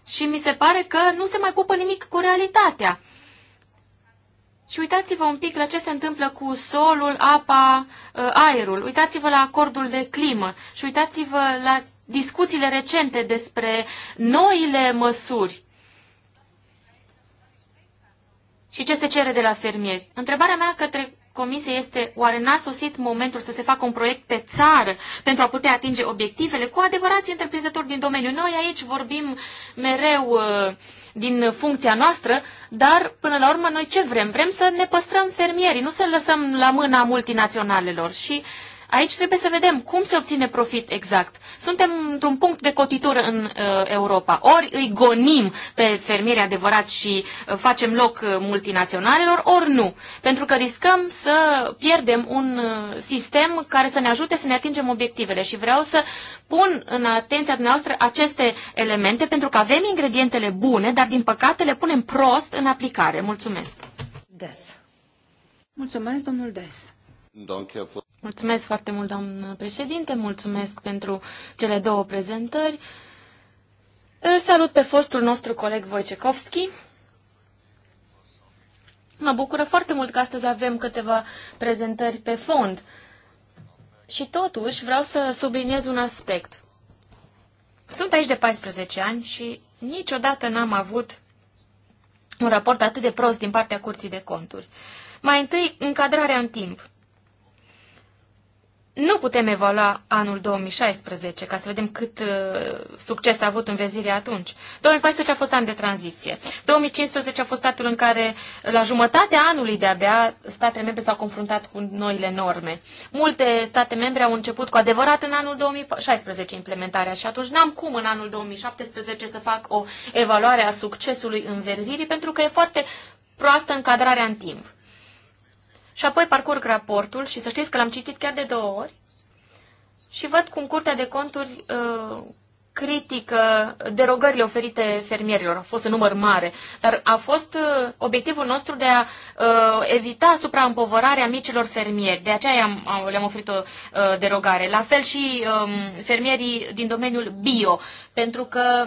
Și mi se pare că nu se mai pupă nimic cu realitatea. Și uitați-vă un pic la ce se întâmplă cu solul, apa, ă, aerul. Uitați-vă la acordul de climă și uitați-vă la discuțiile recente despre noile măsuri și ce se cere de la fermieri. Întrebarea mea către Comisiei este oare n-a sosit momentul să se facă un proiect pe țară pentru a putea atinge obiectivele cu adevărați întreprinzători din domeniu. Noi aici vorbim mereu uh, din funcția noastră, dar până la urmă noi ce vrem? Vrem să ne păstrăm fermierii, nu să lăsăm la mâna multinaționalelor și uh, Aici trebuie să vedem cum se obține profit exact. Suntem într-un punct de cotitură în uh, Europa. Ori îi gonim pe fermieri adevărați și uh, facem loc uh, multinaționalelor, ori nu. Pentru că riscăm să pierdem un uh, sistem care să ne ajute să ne atingem obiectivele. Și vreau să pun în atenția dumneavoastră aceste elemente, pentru că avem ingredientele bune, dar din păcate le punem prost în aplicare. Mulțumesc! Des. Mulțumesc, domnul Des. Mulțumesc foarte mult, doamnă președinte, mulțumesc pentru cele două prezentări. Îl salut pe fostul nostru coleg Wojciechowski. Mă bucură foarte mult că astăzi avem câteva prezentări pe fond. Și totuși vreau să subliniez un aspect. Sunt aici de 14 ani și niciodată n-am avut un raport atât de prost din partea Curții de Conturi. Mai întâi, încadrarea în timp nu putem evalua anul 2016 ca să vedem cât uh, succes a avut înverzirea atunci. 2014 a fost an de tranziție. 2015 a fost statul în care, la jumătatea anului de-abia, statele membre s-au confruntat cu noile norme. Multe state membre au început cu adevărat în anul 2016 implementarea și atunci n-am cum în anul 2017 să fac o evaluare a succesului înverzirii pentru că e foarte proastă încadrarea în timp. Și apoi parcurg raportul și să știți că l-am citit chiar de două ori și văd cum Curtea de Conturi uh, critică derogările oferite fermierilor. A fost un număr mare, dar a fost uh, obiectivul nostru de a uh, evita supraîmpovărarea micilor fermieri. De aceea am, le-am oferit o derogare. La fel și um, fermierii din domeniul bio, pentru că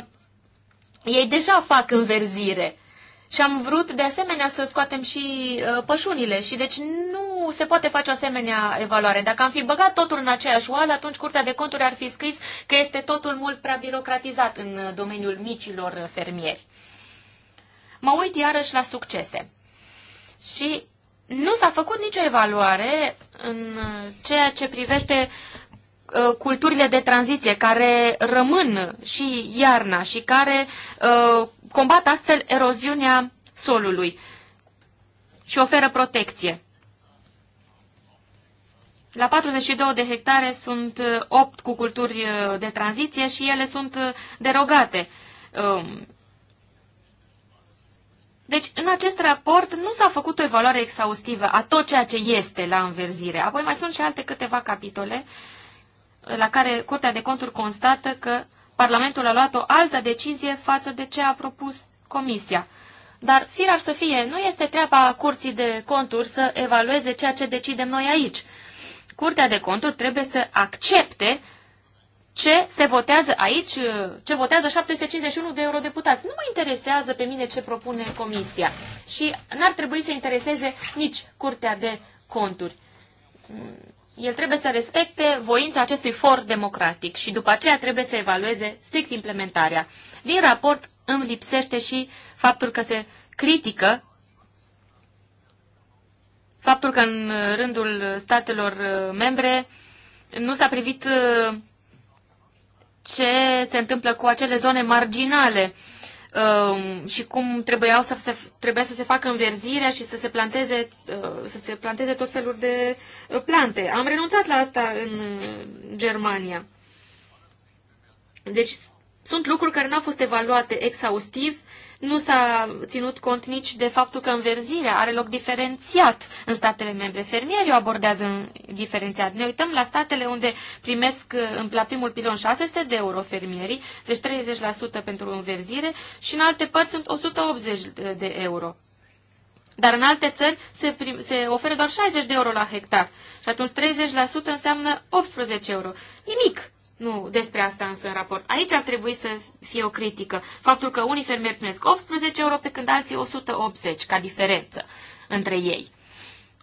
ei deja fac înverzire. Și am vrut de asemenea să scoatem și uh, pășunile și deci nu se poate face o asemenea evaluare. Dacă am fi băgat totul în aceeași oală, atunci Curtea de Conturi ar fi scris că este totul mult prea birocratizat în uh, domeniul micilor fermieri. Mă uit iarăși la succese. Și nu s-a făcut nicio evaluare în uh, ceea ce privește uh, culturile de tranziție care rămân și iarna și care uh, combat astfel eroziunea solului și oferă protecție. La 42 de hectare sunt 8 uh, cu culturi uh, de tranziție și ele sunt uh, derogate. Um, deci, în acest raport nu s-a făcut o evaluare exhaustivă a tot ceea ce este la înverzire. Apoi mai sunt și alte câteva capitole la care Curtea de Conturi constată că Parlamentul a luat o altă decizie față de ce a propus Comisia. Dar, fir ar să fie, nu este treaba Curții de Conturi să evalueze ceea ce decidem noi aici. Curtea de Conturi trebuie să accepte ce se votează aici, ce votează 751 de eurodeputați. Nu mă interesează pe mine ce propune Comisia și n-ar trebui să intereseze nici Curtea de Conturi el trebuie să respecte voința acestui for democratic și după aceea trebuie să evalueze strict implementarea. Din raport îmi lipsește și faptul că se critică faptul că în rândul statelor membre nu s-a privit uh, ce se întâmplă cu acele zone marginale Um, și cum trebuiau să se, trebuia să se facă înverzirea și să se planteze, uh, să se planteze tot felul de uh, plante. Am renunțat la asta în uh, Germania. Deci sunt lucruri care nu au fost evaluate exhaustiv, nu s-a ținut cont nici de faptul că înverzirea are loc diferențiat în statele membre. Fermierii o abordează în diferențiat. Ne uităm la statele unde primesc la primul pilon 600 de euro fermierii, deci 30% pentru înverzire, și în alte părți sunt 180 de euro. Dar în alte țări se, prim, se oferă doar 60 de euro la hectar și atunci 30% înseamnă 18 euro. Nimic! Nu, despre asta însă în raport. Aici ar trebui să fie o critică. Faptul că unii fermieri primesc 18 euro, pe când alții 180, ca diferență între ei.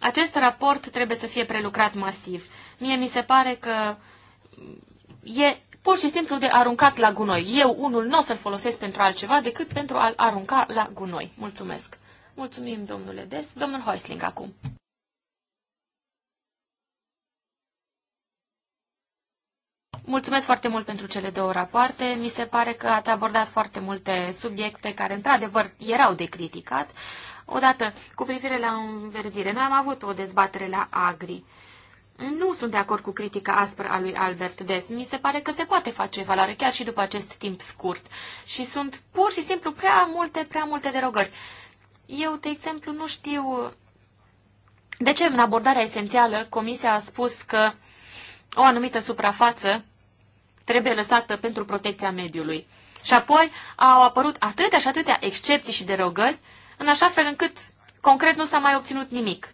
Acest raport trebuie să fie prelucrat masiv. Mie mi se pare că e pur și simplu de aruncat la gunoi. Eu unul nu o să-l folosesc pentru altceva decât pentru a-l arunca la gunoi. Mulțumesc. Mulțumim, domnule Des. Domnul Hoisling, acum. Mulțumesc foarte mult pentru cele două rapoarte. Mi se pare că ați abordat foarte multe subiecte care, într-adevăr, erau de criticat. Odată, cu privire la înverzire, noi am avut o dezbatere la Agri. Nu sunt de acord cu critica aspră a lui Albert Des. Mi se pare că se poate face evaluare chiar și după acest timp scurt. Și sunt pur și simplu prea multe, prea multe derogări. Eu, de exemplu, nu știu de ce în abordarea esențială Comisia a spus că o anumită suprafață trebuie lăsată pentru protecția mediului. Și apoi au apărut atâtea și atâtea excepții și derogări, în așa fel încât concret nu s-a mai obținut nimic.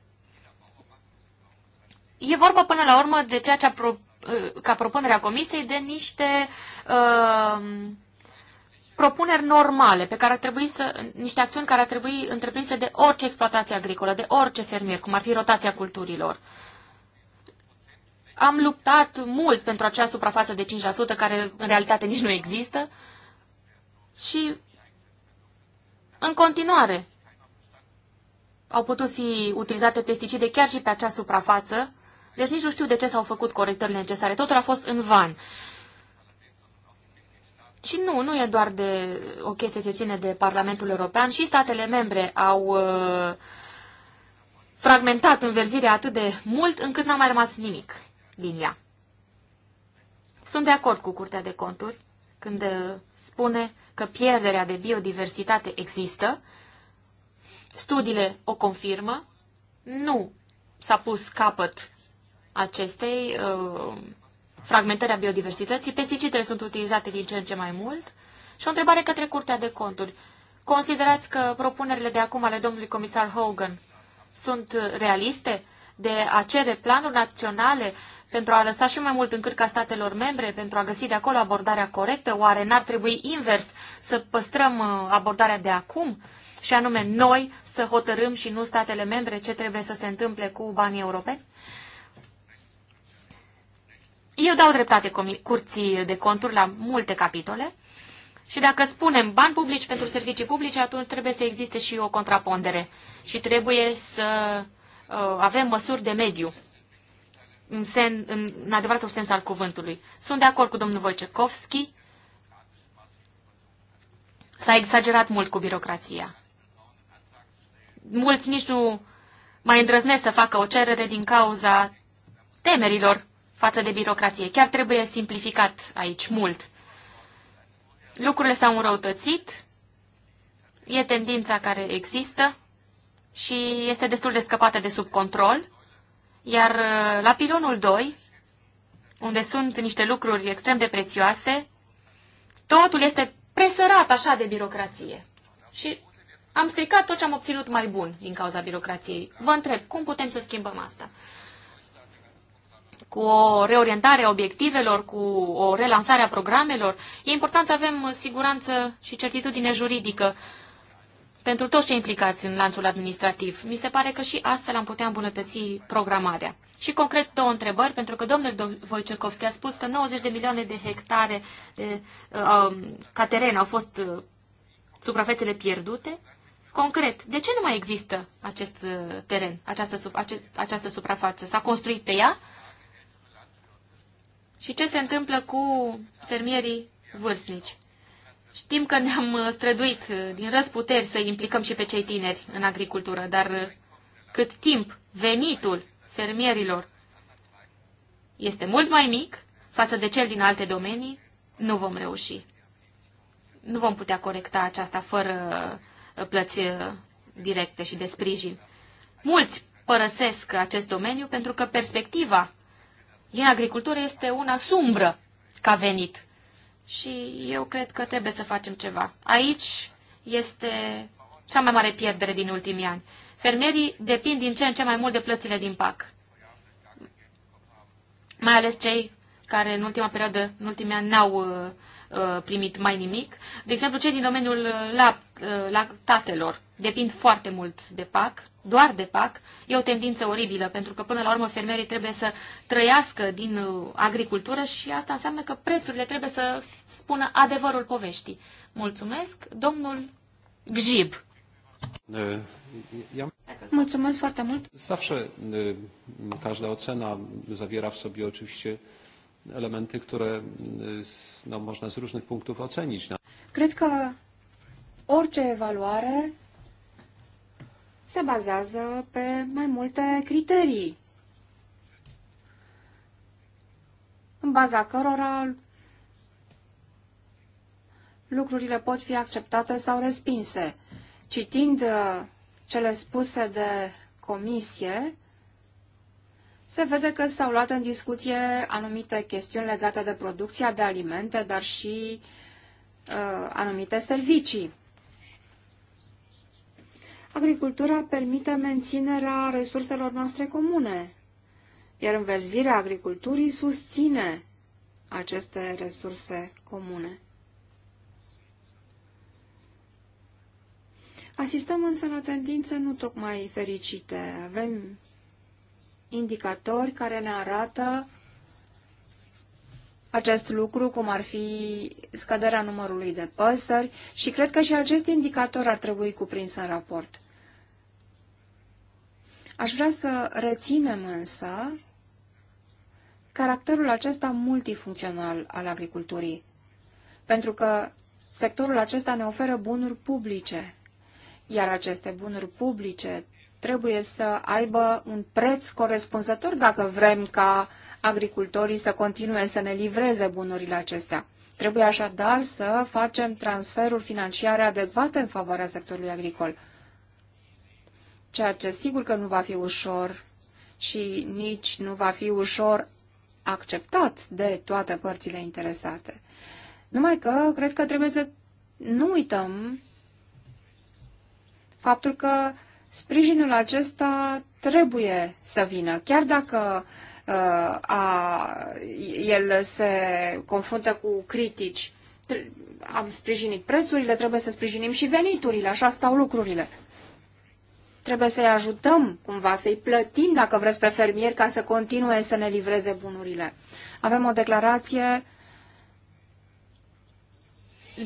E vorba până la urmă de ceea ce a pro, ca propunerea comisiei de niște uh, propuneri normale, pe care ar trebui să, niște acțiuni care ar trebui întreprinse de orice exploatație agricolă, de orice fermier, cum ar fi rotația culturilor. Uh, am luptat mult pentru acea suprafață de 5% care în realitate nici nu există și în continuare au putut fi utilizate pesticide chiar și pe acea suprafață, deci nici nu știu de ce s-au făcut corectările necesare. Totul a fost în van. Și nu, nu e doar de o chestie ce ține de Parlamentul European. Și statele membre au uh, fragmentat înverzirea atât de mult încât n-a mai rămas nimic din ea. Sunt de acord cu Curtea de Conturi când uh, spune că pierderea de biodiversitate există, studiile o confirmă, nu s-a pus capăt acestei uh, fragmentări a biodiversității, pesticidele sunt utilizate din ce în ce mai mult și o întrebare către Curtea de Conturi. Considerați că propunerile de acum ale domnului comisar Hogan sunt realiste de a cere planuri naționale pentru a lăsa și mai mult în cârca statelor membre, pentru a găsi de acolo abordarea corectă? Oare n-ar trebui invers să păstrăm uh, abordarea de acum? Și anume noi să hotărâm și nu statele membre ce trebuie să se întâmple cu banii europeni? Eu dau dreptate curții de conturi la multe capitole. Și dacă spunem bani publici pentru servicii publice, atunci trebuie să existe și o contrapondere și trebuie să uh, avem măsuri de mediu în, sen, în, în adevăratul sens al cuvântului. Sunt de acord cu domnul Wojciechowski. S-a exagerat mult cu birocrația. Mulți nici nu mai îndrăznesc să facă o cerere din cauza temerilor față de birocrație. Chiar trebuie simplificat aici mult. Lucrurile s-au înrăutățit, e tendința care există și este destul de scăpată de sub control. Iar uh, la pilonul 2, unde sunt niște lucruri extrem de prețioase, totul este presărat așa de birocrație. Și am stricat tot ce am obținut mai bun din cauza birocrației. Vă întreb, cum putem să schimbăm asta? Cu o reorientare a obiectivelor, cu o relansare a programelor, e important să avem siguranță și certitudine juridică pentru toți cei implicați în lanțul administrativ. Mi se pare că și astfel am putea îmbunătăți programarea. Și concret două întrebări, pentru că domnul Wojciechowski a spus că 90 de milioane de hectare de, uh, um, ca teren au fost uh, suprafețele pierdute. Concret, de ce nu mai există acest uh, teren, această, ace, această suprafață? S-a construit pe ea? Și ce se întâmplă cu fermierii vârstnici? Știm că ne-am uh, străduit uh, din răsputeri să implicăm și pe cei tineri în agricultură, dar uh, cât timp venitul fermierilor este mult mai mic față de cel din alte domenii, nu vom reuși. Nu vom putea corecta aceasta fără plăți directe și de sprijin. Mulți părăsesc acest domeniu pentru că perspectiva din agricultură este una sumbră ca venit și eu cred că trebuie să facem ceva. Aici este cea mai mare pierdere din ultimii ani. Fermierii depind din ce în ce mai mult de plățile din PAC. Mai ales cei care în ultima perioadă, în ultimii ani, n-au uh, Uh, primit mai nimic. De exemplu, cei din domeniul uh, uh, lactatelor depind foarte mult de PAC, doar de PAC. E o tendință oribilă, pentru că până la urmă fermierii trebuie să trăiască din agricultură și asta înseamnă că prețurile trebuie să spună adevărul poveștii. Mulțumesc, domnul Gjib. Mulțumesc foarte mult. Zawsze każda ocena zawiera w sobie oczywiście elementy, które no, można z różnych punktów ocenić. Cred că orice evaluare se bazează pe mai multe criterii, în baza cărora lucrurile pot fi acceptate sau respinse. Citind uh, cele spuse de comisie, se vede că s-au luat în discuție anumite chestiuni legate de producția de alimente, dar și uh, anumite servicii. Agricultura permite menținerea resurselor noastre comune, iar înverzirea agriculturii susține aceste resurse comune. Asistăm însă la tendințe nu tocmai fericite. Avem indicatori care ne arată acest lucru, cum ar fi scăderea numărului de păsări și cred că și acest indicator ar trebui cuprins în raport. Aș vrea să reținem însă caracterul acesta multifuncțional al agriculturii, pentru că sectorul acesta ne oferă bunuri publice, iar aceste bunuri publice trebuie să aibă un preț corespunzător dacă vrem ca agricultorii să continue să ne livreze bunurile acestea. Trebuie așadar să facem transferuri financiare adecvate în favoarea sectorului agricol, ceea ce sigur că nu va fi ușor și nici nu va fi ușor acceptat de toate părțile interesate. Numai că cred că trebuie să nu uităm faptul că sprijinul acesta trebuie să vină, chiar dacă uh, a, el se confruntă cu critici. Am sprijinit prețurile, trebuie să sprijinim și veniturile, așa stau lucrurile. Trebuie să-i ajutăm cumva, să-i plătim, dacă vreți, pe fermieri ca să continue să ne livreze bunurile. Avem o declarație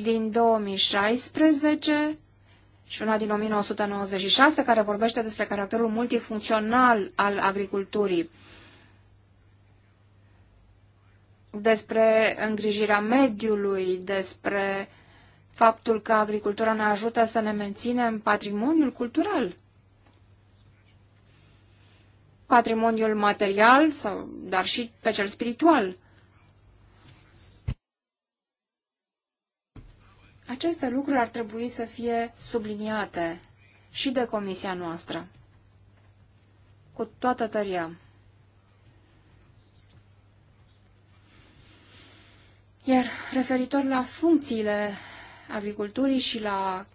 din 2016 și una din 1996 care vorbește despre caracterul multifuncțional al agriculturii, despre îngrijirea mediului, despre faptul că agricultura ne ajută să ne menținem patrimoniul cultural, patrimoniul material, sau, dar și pe cel spiritual. Aceste lucruri ar trebui să fie subliniate și de comisia noastră, cu toată tăria. Iar referitor la funcțiile agriculturii și la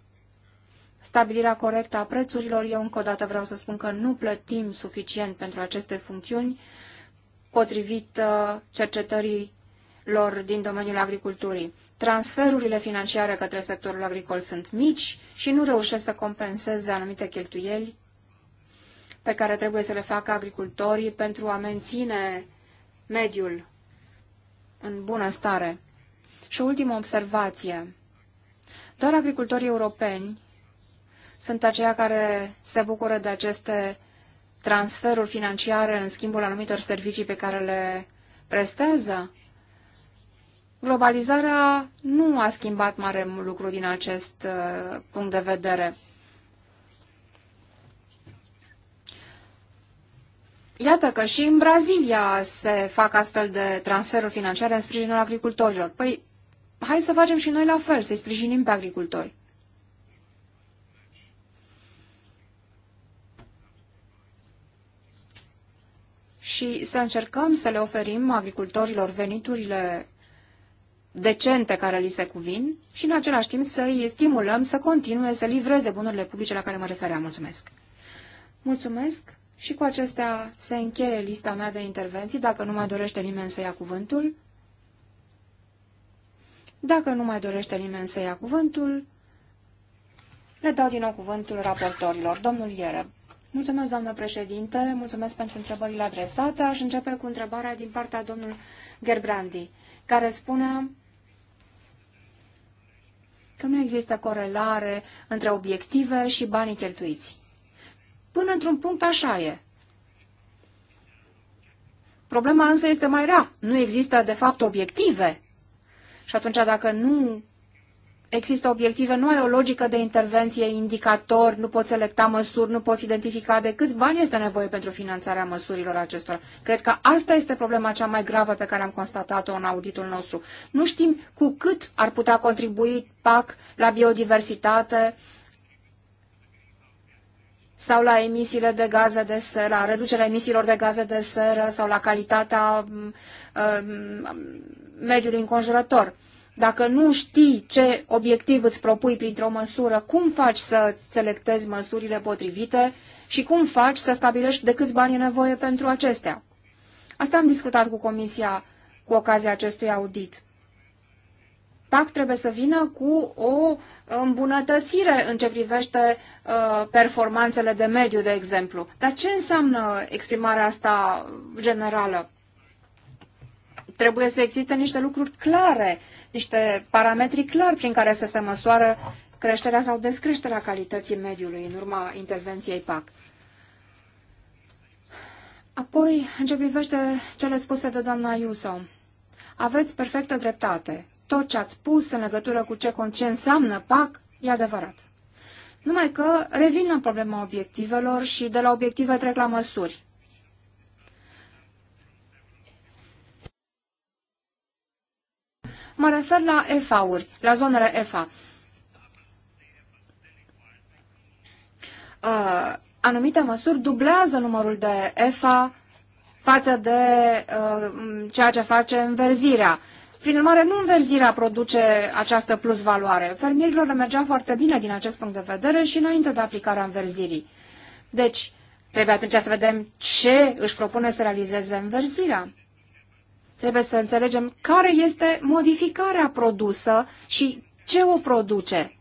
stabilirea corectă a prețurilor, eu încă o dată vreau să spun că nu plătim suficient pentru aceste funcțiuni, potrivit uh, cercetării lor din domeniul agriculturii transferurile financiare către sectorul agricol sunt mici și nu reușesc să compenseze anumite cheltuieli pe care trebuie să le facă agricultorii pentru a menține mediul în bună stare. Și o ultimă observație. Doar agricultorii europeni sunt aceia care se bucură de aceste transferuri financiare în schimbul anumitor servicii pe care le prestează. Globalizarea nu a schimbat mare lucru din acest uh, punct de vedere. Iată că și în Brazilia se fac astfel de transferuri financiare în sprijinul agricultorilor. Păi, hai să facem și noi la fel, să-i sprijinim pe agricultori. Și să încercăm să le oferim agricultorilor veniturile decente care li se cuvin și în același timp să îi stimulăm să continue să livreze bunurile publice la care mă refeream. Mulțumesc! Mulțumesc și cu acestea se încheie lista mea de intervenții, dacă nu mai dorește nimeni să ia cuvântul. Dacă nu mai dorește nimeni să ia cuvântul, le dau din nou cuvântul raportorilor. Domnul Ieră. Mulțumesc, doamnă președinte, mulțumesc pentru întrebările adresate. Aș începe cu întrebarea din partea domnului Gerbrandi, care spunea că nu există corelare între obiective și banii cheltuiți. Până într-un punct așa e. Problema însă este mai rea. Nu există, de fapt, obiective. Și atunci, dacă nu există obiective, nu ai o logică de intervenție, indicator, nu poți selecta măsuri, nu poți identifica de câți bani este nevoie pentru finanțarea măsurilor acestora. Cred că asta este problema cea mai gravă pe care am constatat-o în auditul nostru. Nu știm cu cât ar putea contribui PAC la biodiversitate sau la emisiile de gaze de seră, la reducerea emisiilor de gaze de seră sau la calitatea um, mediului înconjurător. Dacă nu știi ce obiectiv îți propui printr-o măsură, cum faci să selectezi măsurile potrivite și cum faci să stabilești de câți bani e nevoie pentru acestea? Asta am discutat cu Comisia cu ocazia acestui audit. PAC trebuie să vină cu o îmbunătățire în ce privește uh, performanțele de mediu, de exemplu. Dar ce înseamnă exprimarea asta generală? trebuie să existe niște lucruri clare, niște parametri clari prin care să se măsoară creșterea sau descreșterea calității mediului în urma intervenției PAC. Apoi, în ce privește cele spuse de doamna Iuso, aveți perfectă dreptate. Tot ce ați spus în legătură cu ce, ce înseamnă PAC e adevărat. Numai că revin la problema obiectivelor și de la obiective trec la măsuri. Mă refer la EFA-uri, la zonele EFA. Uh, anumite măsuri dublează numărul de EFA față de uh, ceea ce face înverzirea. Prin urmare, nu înverzirea produce această plusvaloare. Fermierilor le mergea foarte bine din acest punct de vedere și înainte de aplicarea înverzirii. Deci, trebuie atunci să vedem ce își propune să realizeze înverzirea. Trebuie să înțelegem care este modificarea produsă și ce o produce.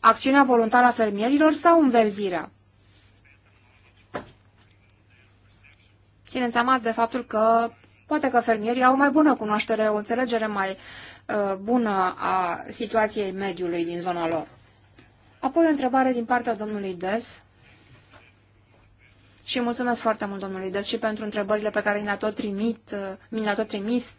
Acțiunea voluntară a fermierilor sau înverzirea? Țineți seama de faptul că poate că fermierii au mai bună cunoaștere, o înțelegere mai uh, bună a situației mediului din zona lor. Apoi o întrebare din partea domnului Des și mulțumesc foarte mult domnului Des și pentru întrebările pe care mi le-a tot, trimit, uh, mi le tot trimis.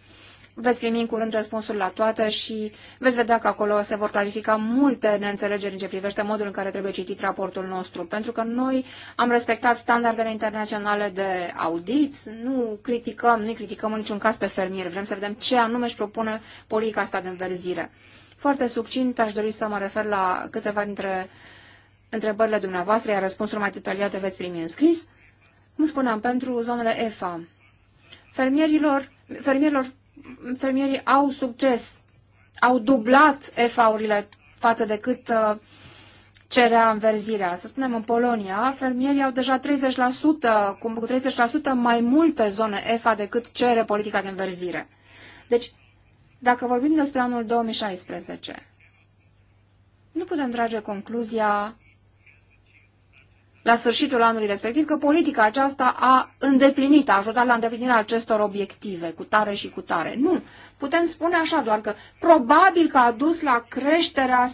Veți primi în curând răspunsul la toate și veți vedea că acolo se vor clarifica multe neînțelegeri în ce privește modul în care trebuie citit raportul nostru, pentru că noi am respectat standardele internaționale de audit, nu criticăm, nu criticăm în niciun caz pe fermieri, vrem să vedem ce anume își propune politica asta de înverzire. Foarte succint aș dori să mă refer la câteva dintre întrebările dumneavoastră, iar răspunsuri mai detaliate veți primi în scris cum spuneam, pentru zonele EFA. Fermierilor, fermierilor, fermierii au succes, au dublat EFA-urile față de cât uh, cerea înverzirea. Să spunem, în Polonia, fermierii au deja 30%, cu 30% mai multe zone EFA decât cere politica de înverzire. Deci, dacă vorbim despre anul 2016, nu putem trage concluzia la sfârșitul anului respectiv că politica aceasta a îndeplinit, a ajutat la îndeplinirea acestor obiective, cu tare și cu tare. Nu. Putem spune așa doar că probabil că a dus la creșterea,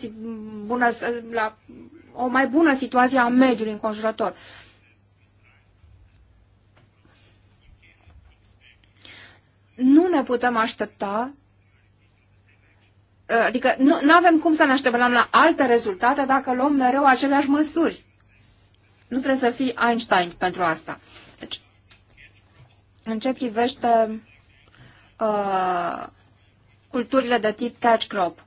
bună, la o mai bună situație a mediului înconjurător. Nu ne putem aștepta Adică nu avem cum să ne așteptăm la alte rezultate dacă luăm mereu aceleași măsuri. Nu trebuie să fii Einstein pentru asta. Deci, în ce privește uh, culturile de tip catch crop,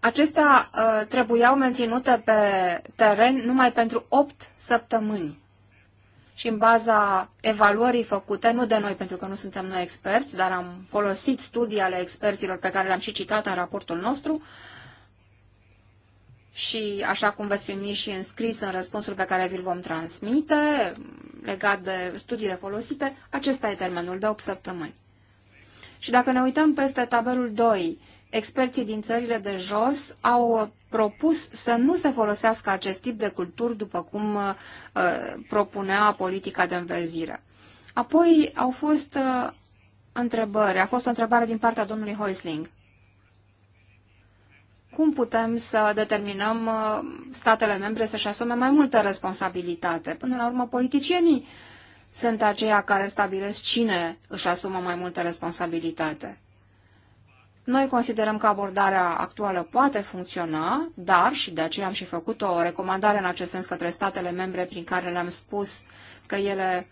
Acestea uh, trebuiau menținute pe teren numai pentru 8 săptămâni și în baza evaluării făcute, nu de noi pentru că nu suntem noi experți, dar am folosit studii ale experților pe care le-am și citat în raportul nostru și așa cum veți primi și în scris în răspunsul pe care vi-l vom transmite, legat de studiile folosite, acesta e termenul de 8 săptămâni. Și dacă ne uităm peste tabelul 2, experții din țările de jos au uh, propus să nu se folosească acest tip de culturi după cum uh, propunea politica de înverzire. Apoi au fost uh, întrebări, a fost o întrebare din partea domnului Hoisling. Cum putem să determinăm uh, statele membre să-și asume mai multă responsabilitate? Până la urmă, politicienii sunt aceia care stabilesc cine își asumă mai multă responsabilitate. Noi considerăm că abordarea actuală poate funcționa, dar, și de aceea am și făcut o recomandare în acest sens către statele membre prin care le-am spus că ele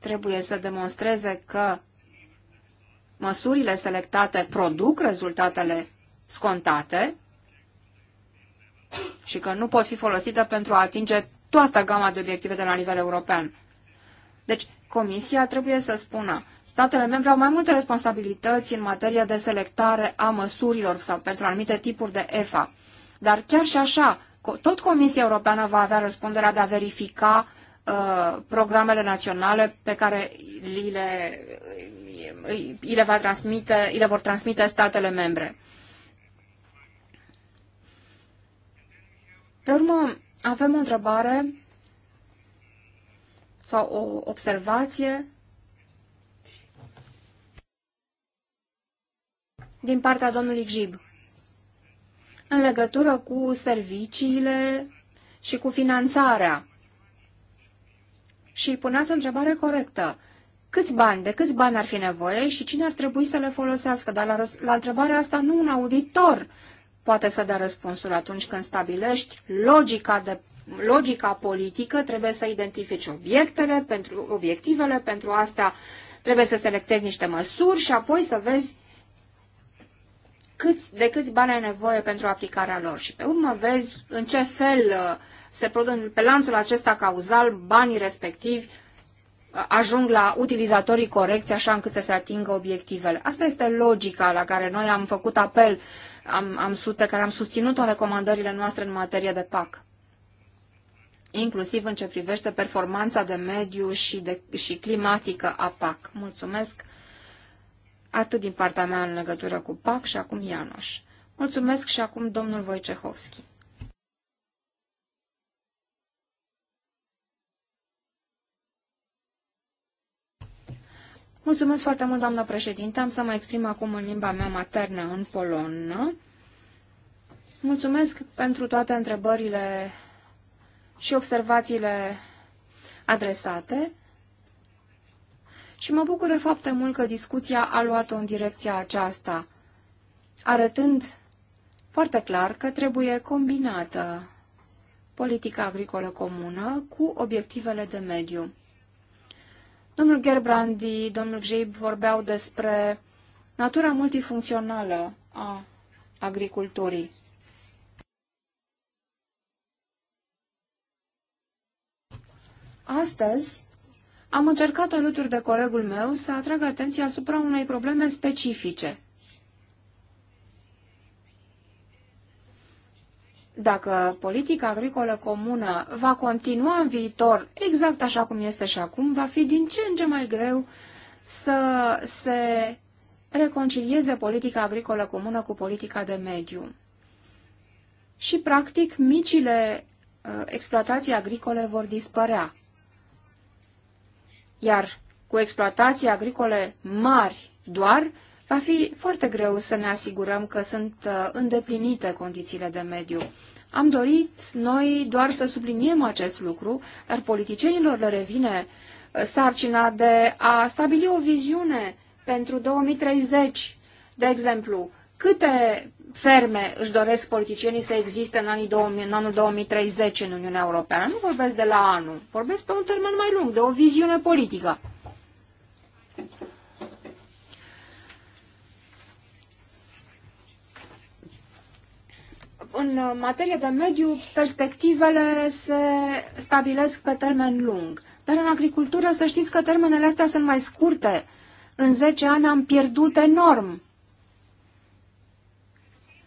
trebuie să demonstreze că măsurile selectate produc rezultatele scontate și că nu pot fi folosite pentru a atinge toată gama de obiective de la nivel european. Deci, Comisia trebuie să spună statele membre au mai multe responsabilități în materie de selectare a măsurilor sau pentru anumite tipuri de EFA. Dar chiar și așa, tot Comisia Europeană va avea răspunderea de a verifica uh, programele naționale pe care li le, le, va transmite, le vor transmite statele membre. Pe urmă, avem o întrebare sau o observație din partea domnului Gib în legătură cu serviciile și cu finanțarea. Și puneați o întrebare corectă. Câți bani, de câți bani ar fi nevoie și cine ar trebui să le folosească? Dar la, la întrebarea asta nu un auditor poate să dea răspunsul atunci când stabilești logica de logica politică, trebuie să identifici obiectele pentru, obiectivele, pentru asta trebuie să selectezi niște măsuri și apoi să vezi câți, de câți bani ai nevoie pentru aplicarea lor. Și pe urmă vezi în ce fel uh, se produc pe lanțul acesta cauzal banii respectivi uh, ajung la utilizatorii corecți așa încât să se atingă obiectivele. Asta este logica la care noi am făcut apel, am, am, pe care am susținut-o în recomandările noastre în materie de PAC inclusiv în ce privește performanța de mediu și, de, și climatică a PAC. Mulțumesc atât din partea mea în legătură cu PAC și acum Ianoș. Mulțumesc și acum domnul Wojciechowski. Mulțumesc foarte mult, doamnă președinte. Am să mă exprim acum în limba mea maternă, în polonă. Mulțumesc pentru toate întrebările și observațiile adresate și mă bucură foarte mult că discuția a luat-o în direcția aceasta, arătând foarte clar că trebuie combinată politica agricolă comună cu obiectivele de mediu. Domnul Gerbrandi, domnul Gjeib vorbeau despre natura multifuncțională a agriculturii. Astăzi am încercat alături de colegul meu să atrag atenția asupra unei probleme specifice. Dacă politica agricolă comună va continua în viitor exact așa cum este și acum, va fi din ce în ce mai greu să se reconcilieze politica agricolă comună cu politica de mediu. Și, practic, micile uh, exploatații agricole vor dispărea. Iar cu exploatații agricole mari doar, va fi foarte greu să ne asigurăm că sunt uh, îndeplinite condițiile de mediu. Am dorit noi doar să subliniem acest lucru, dar politicienilor le revine uh, sarcina de a stabili o viziune pentru 2030. De exemplu, Câte ferme își doresc politicienii să existe în, anii 2000, în anul 2030 în Uniunea Europeană? Nu vorbesc de la anul, vorbesc pe un termen mai lung, de o viziune politică. în materie de mediu, perspectivele se stabilesc pe termen lung. Dar în agricultură să știți că termenele astea sunt mai scurte. În 10 ani am pierdut enorm.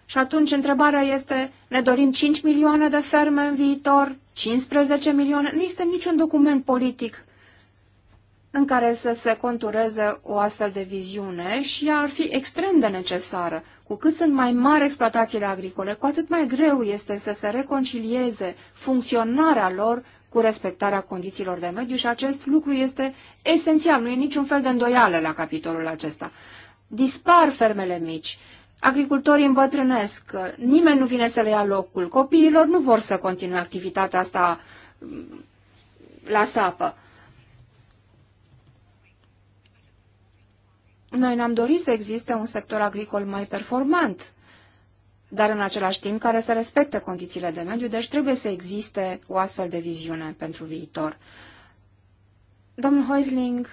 Și atunci întrebarea este, ne dorim 5 milioane de ferme în viitor, 15 milioane? Nu este niciun document politic în care să se contureze o astfel de viziune și ar fi extrem de necesară. Cu cât sunt mai mari exploatațiile agricole, cu atât mai greu este să se reconcilieze funcționarea lor cu respectarea condițiilor de mediu și acest lucru este esențial, nu e niciun fel de îndoială la capitolul acesta. Dispar fermele mici, agricultorii îmbătrânesc, nimeni nu vine să le ia locul, copiilor nu vor să continue activitatea asta mm, la sapă. Noi ne-am dorit să existe un sector agricol mai performant, dar în același timp care să respecte condițiile de mediu, deci trebuie să existe o astfel de viziune pentru viitor. Domnul Heusling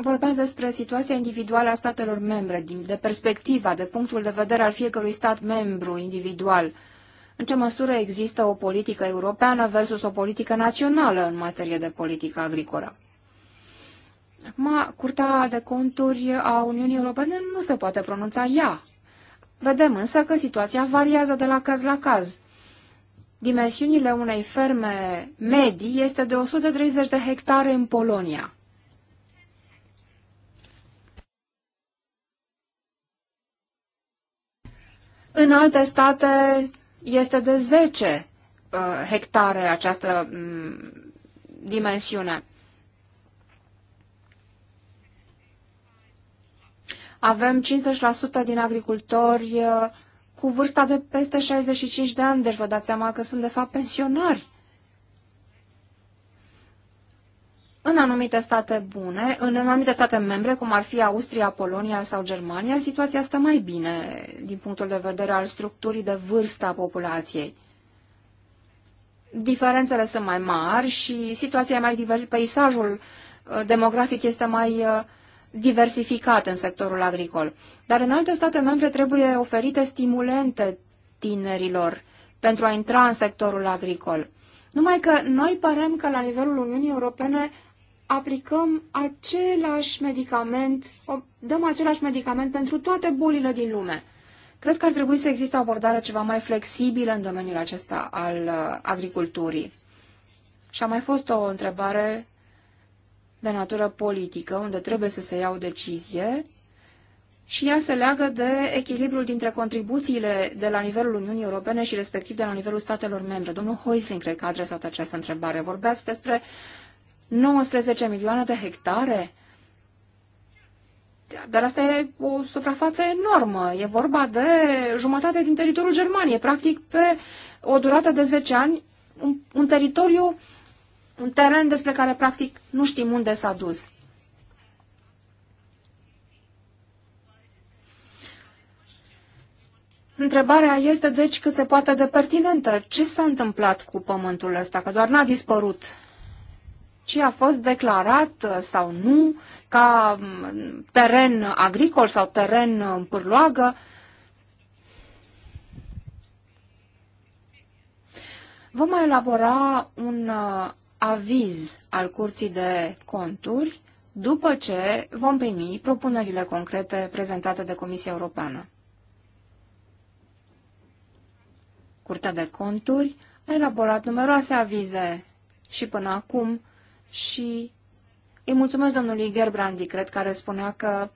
vorbeam despre situația individuală a statelor membre, din, de perspectiva, de punctul de vedere al fiecărui stat membru individual. În ce măsură există o politică europeană versus o politică națională în materie de politică agricolă? Acum, Curtea de Conturi a Uniunii Europene nu se poate pronunța ea. Vedem însă că situația variază de la caz la caz. Dimensiunile unei ferme medii este de 130 de hectare în Polonia. În alte state este de 10 uh, hectare această mm, dimensiune. Avem 50% din agricultori uh, cu vârsta de peste 65 de ani, deci vă dați seama că sunt de fapt pensionari. În anumite state bune, în anumite state membre, cum ar fi Austria, Polonia sau Germania, situația stă mai bine din punctul de vedere al structurii de vârstă a populației. Diferențele sunt mai mari și situația e mai diversă. Peisajul uh, demografic este mai uh, diversificat în sectorul agricol. Dar în alte state membre trebuie oferite stimulente tinerilor pentru a intra în sectorul agricol. Numai că noi părem că la nivelul Uniunii Europene aplicăm același medicament, dăm același medicament pentru toate bolile din lume. Cred că ar trebui să existe o abordare ceva mai flexibilă în domeniul acesta al uh, agriculturii. Și a mai fost o întrebare de natură politică, unde trebuie să se ia o decizie și ea se leagă de echilibrul dintre contribuțiile de la nivelul Uniunii Europene și respectiv de la nivelul statelor membre. Domnul Hoisling, cred că a adresat această întrebare. Vorbeați despre uh, 19 milioane de hectare. Dar asta e o suprafață enormă. E vorba de jumătate din teritoriul Germaniei. Practic, pe o durată de 10 ani, un, un teritoriu, un teren despre care practic nu știm unde s-a dus. Întrebarea este, deci, cât se poate de pertinentă. Ce s-a întâmplat cu pământul ăsta? Că doar n-a dispărut ci a fost declarat uh, sau nu ca mm, teren agricol sau teren uh, pârloagă. Vom mai elabora un uh, aviz al Curții de Conturi după ce vom primi propunerile concrete prezentate de Comisia Europeană. Curtea de Conturi a elaborat numeroase avize și până acum și îi mulțumesc domnului Gerbrandi, cred, că spunea că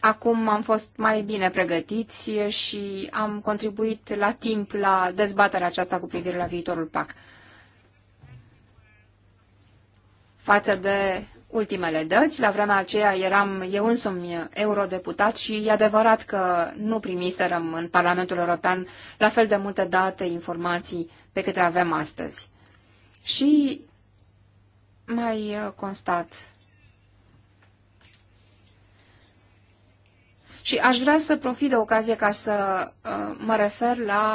acum am fost mai bine pregătiți și am contribuit la timp la dezbaterea aceasta cu privire la viitorul PAC. Față de ultimele dăți, la vremea aceea eram eu însumi eurodeputat și e adevărat că nu primiserăm în Parlamentul European la fel de multe date, informații pe câte avem astăzi. Și mai uh, constat. Și aș vrea să profit de ocazie ca să uh, mă refer la